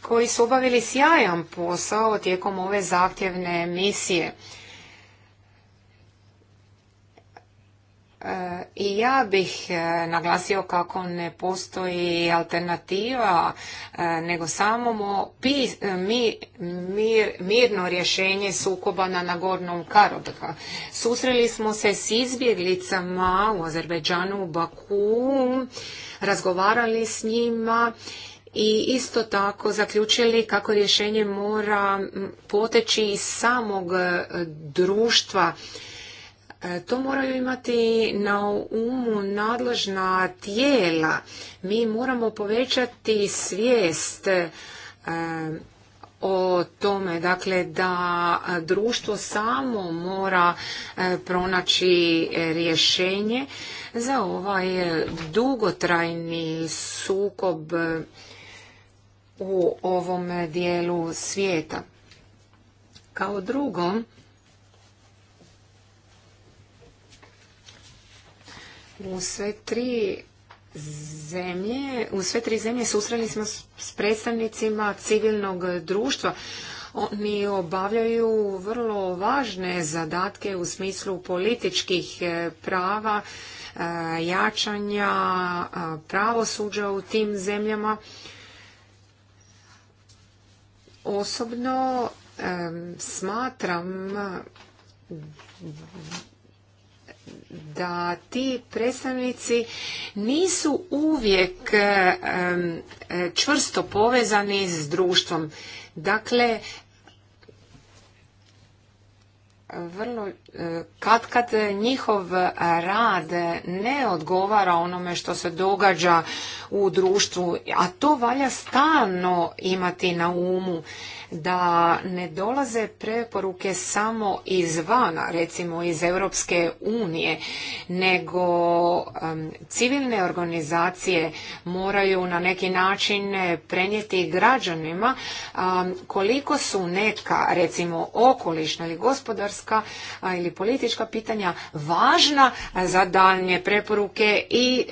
koji su obavili sjajan posao tijekom ove zahtjevne misije. E, I ja bih e, naglasio kako ne postoji alternativa, e, nego samo mi, mirno rješenje sukoba na Nagornom Karabahu. Susreli smo se s izbjeglicama u Azerbejdžanu, u Baku, razgovarali s njima i isto tako zaključili kako rješenje mora poteći iz samog društva E, to moraju imati na umu nadležna tijela. Mi moramo povećati svijest e, o tome dakle da društvo samo mora e, pronaći rješenje za ovaj dugotrajni sukob u ovom dijelu svijeta. Kao drugo, U sve tri zemlje, u sve tri zemlje susreli smo s predstavnicima civilnog društva. Oni obavljaju vrlo važne zadatke u smislu političkih e, prava, e, jačanja e, pravosuđa u tim zemljama. Osobno smatram da ti predstavnici nisu uvijek čvrsto povezani s društvom. Dakle, vrlo e, kad kad njihov rad ne odgovara onome što se događa u društvu, a to valja stalno imati na umu da ne dolaze preporuke samo izvana, recimo iz Europske unije, nego civilne organizacije moraju na neki način prenijeti građanima koliko su neka, recimo okolišna ili gospodarska ili politička pitanja važna za daljnje preporuke i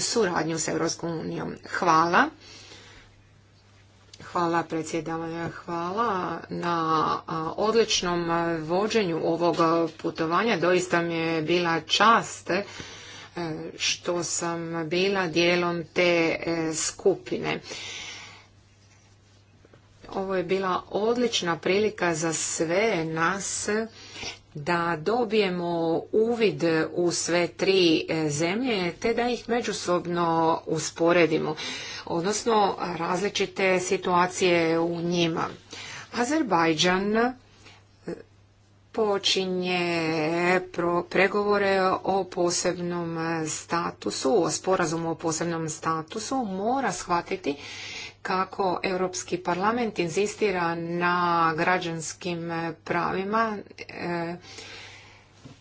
suradnju s Europskom unijom. Hvala. Hvala predsjedavanja, hvala na odličnom vođenju ovog putovanja. Doista mi je bila čast e, što sam bila dijelom te e, skupine. Ovo je bila odlična prilika za sve nas da dobijemo uvid u sve tri e, zemlje te da ih međusobno usporedimo, odnosno različite situacije u njima. Azerbajdžan e, počinje pregovore o posebnom statusu, o sporazumu o posebnom statusu, mora shvatiti kako Europski parlament inzistira na građanskim pravima, e,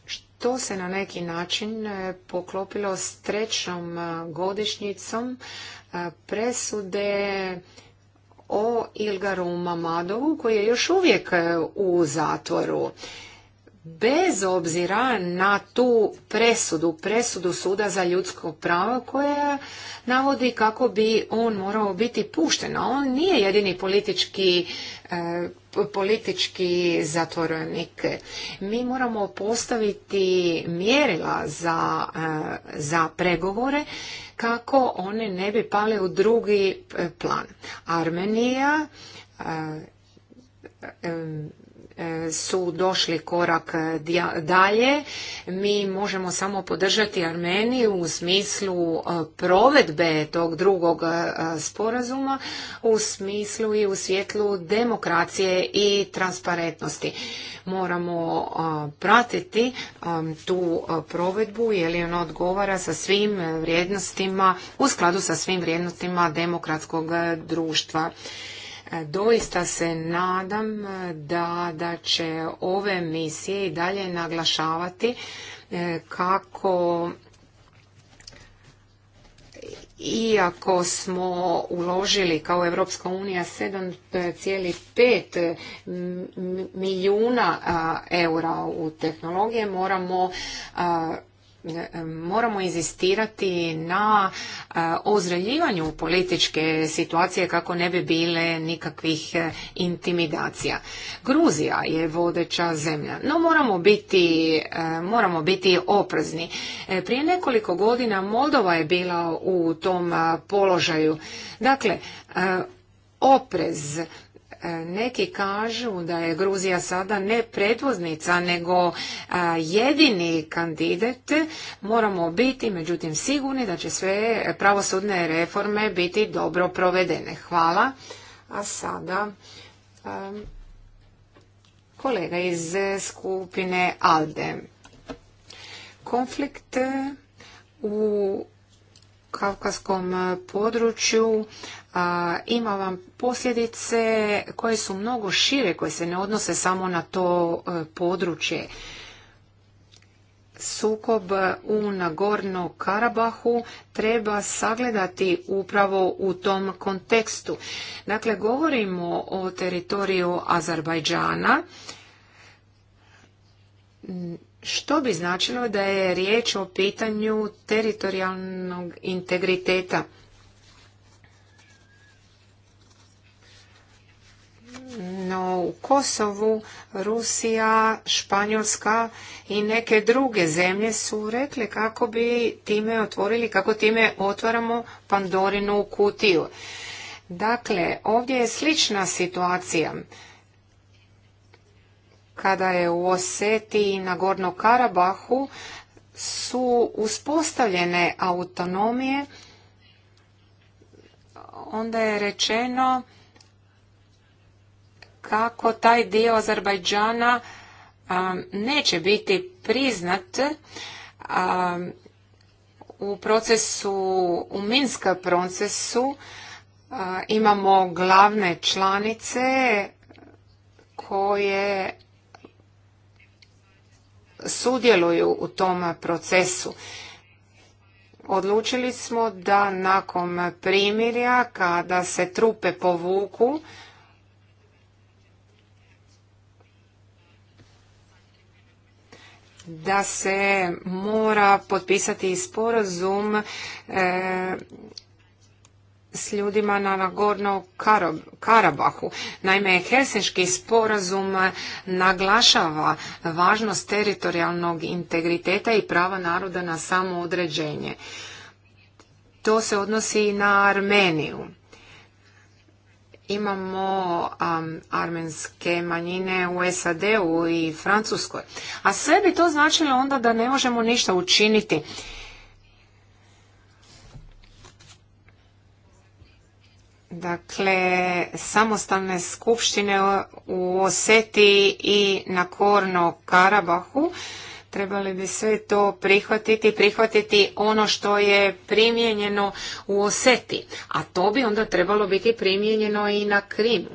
što se na neki način e, poklopilo s trećom e, godišnjicom presude o Ilgaru Mamadovu koji je još uvijek u zatvoru bez obzira na tu presudu, presudu suda za ljudsko pravo koja navodi kako bi on morao biti pušten. On nije jedini politički e, politički zatvorenik. Mi moramo postaviti mjerila za, e, za pregovore kako one ne bi pale u drugi e, plan. Armenija su došli korak dalje. Mi možemo samo podržati Armeniju u smislu e, provedbe tog drugog e, sporazuma, u smislu i u svjetlu demokracije i transparentnosti. Moramo e, pratiti tu provedbu jer li ona odgovara sa svim vrijednostima, u skladu sa svim vrijednostima demokratskog društva. E, doista se nadam e, da, da će ove misije i dalje naglašavati e, kako iako smo uložili kao Europska unija 7,5 milijuna eura u tehnologije, moramo E, moramo inzistirati na e, ozreljivanju političke situacije kako ne bi bile nikakvih e, intimidacija. Gruzija je vodeća zemlja, no moramo biti, moramo biti oprezni. Prije nekoliko godina Moldova je bila u tom položaju. Dakle, oprez E, neki kažu da je Gruzija sada ne predvoznica, nego e, jedini kandidat. Moramo biti, međutim, sigurni da će sve pravosudne reforme biti dobro provedene. Hvala. A sada e, kolega iz skupine ALDE. Konflikt u kavkaskom e, području ima vam posljedice koje su mnogo šire, koje se ne odnose samo na to e, područje. Sukob e, u Nagorno Karabahu treba sagledati upravo u tom kontekstu. Dakle, govorimo o teritoriju Azerbajdžana, što bi značilo da je riječ o pitanju teritorijalnog integriteta. No, u Kosovu Rusija, Španjolska i neke druge zemlje su rekli kako bi time otvorili, kako time otvaramo Pandorinu kutiju. Dakle, ovdje je slična situacija kada je u Oseti i na Gorno Karabahu su uspostavljene autonomije, onda je rečeno kako taj dio Azerbajdžana neće biti priznat u procesu, u Minska procesu imamo glavne članice koje sudjeluju u tom procesu. Odlučili smo da nakon primirja, kada se trupe povuku, da se mora potpisati sporazum e, s ljudima na Nagorno Karabahu. Naime, Helsinški sporazum eh, naglašava važnost teritorijalnog integriteta i prava naroda na samoodređenje. To se odnosi i na Armeniju. Imamo armenske manjine u SAD-u i Francuskoj. A sve bi to značilo onda da ne možemo ništa učiniti dakle samostalne skupštine u Oseti i na Korno Karabahu trebali bi sve to prihvatiti, prihvatiti ono što je primijenjeno u Oseti, a to bi onda trebalo biti primijenjeno i na Krimu.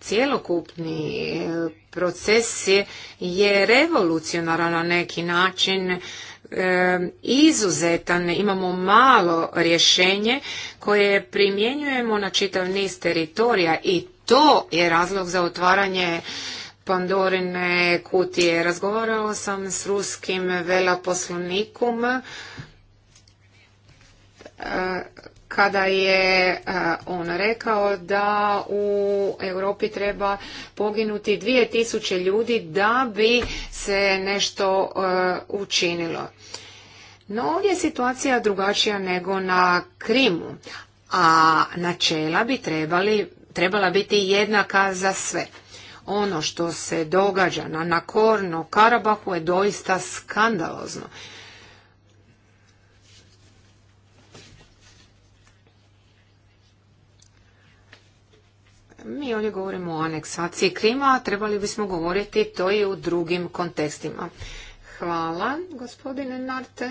Cijelokupni eh, proces je revolucionaran na neki način izuzetan, imamo malo rješenje koje primjenjujemo na čitav niz teritorija i to je razlog za otvaranje Pandorine kutije. Razgovarao sam s ruskim velaposlanikom kada je e, on rekao da u Europi treba poginuti 2000 ljudi da bi se nešto e, učinilo. No ovdje je situacija drugačija nego na Krimu, a načela bi trebali, trebala biti jednaka za sve. Ono što se događa na Nakorno Karabahu je doista skandalozno. Mi ovdje govorimo o aneksaciji Krima, a trebali bismo govoriti to i u drugim kontekstima. Hvala, gospodine Narte.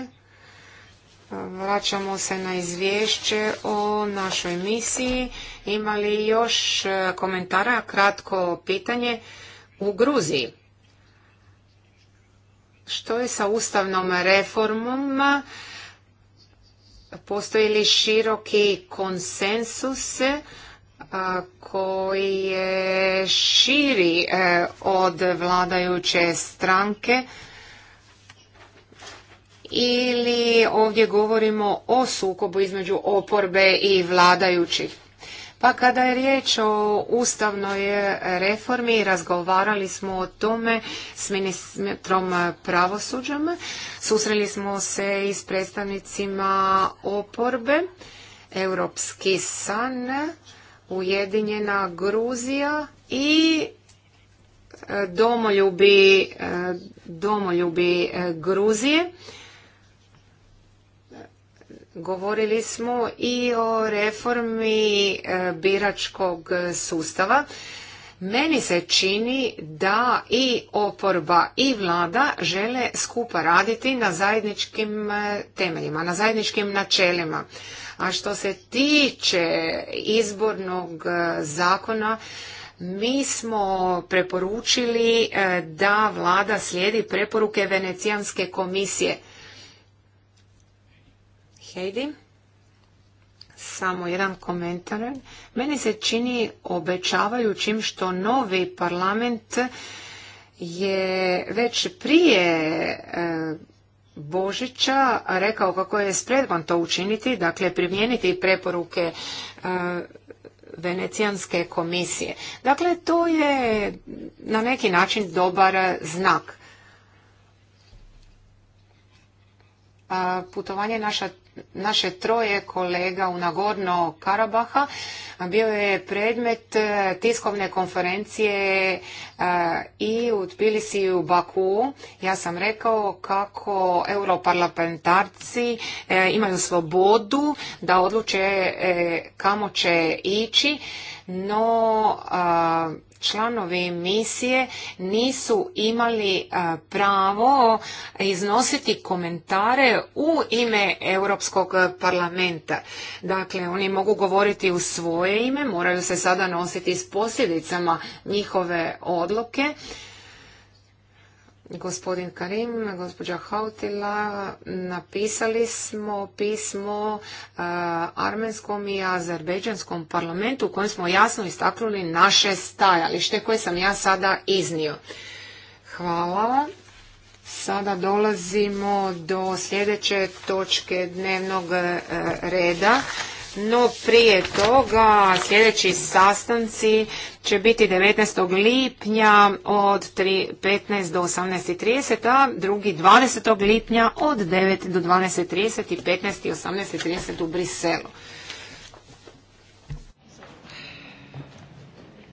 Vraćamo se na izvješće o našoj misiji. Imali li još e, komentara? Kratko pitanje. U Gruziji. Što je sa ustavnom reformom? Postoji li široki konsensus koji je širi e, od vladajuće stranke ili ovdje govorimo o sukobu između oporbe i vladajućih. Pa kada je riječ o ustavnoj reformi, razgovarali smo o tome s ministrom pravosuđama, susreli smo se i s predstavnicima oporbe, Europski san, Ujedinjena Gruzija i e, domoljubi, e, domoljubi e, Gruzije. Govorili smo i o reformi biračkog sustava. Meni se čini da i oporba i vlada žele skupa raditi na zajedničkim e, temeljima, na zajedničkim načelima. A što se tiče izbornog e, zakona, mi smo preporučili e, da vlada slijedi preporuke Venecijanske komisije. Heidi? samo jedan komentar. Meni se čini obećavajućim što novi parlament je već prije e, Božića rekao kako je spreman to učiniti, dakle primijeniti preporuke e, Venecijanske komisije. Dakle, to je na neki način dobar znak. Putovanje naša naše troje kolega u Nagorno Karabaha bio je predmet e, tiskovne konferencije e, i u Tbilisi i u Baku. Ja sam rekao kako europarlamentarci e, imaju slobodu da odluče kamo će ići, no članovi misije nisu imali e, pravo iznositi komentare u ime Europskog parlamenta. Dakle, oni mogu govoriti u svoje ime, moraju se sada nositi s posljedicama njihove odluke gospodin Karim, gospođa Hautila, napisali smo pismo armenskom i azerbeđanskom parlamentu u kojem smo jasno istaknuli naše stajalište koje sam ja sada iznio. Hvala. Sada dolazimo do sljedeće točke dnevnog e, reda. No prije toga sljedeći sastanci će biti 19. lipnja od 15 do 18.30, a drugi 20. lipnja od 9 do 12.30 i 15. i 18.30 u Briselu.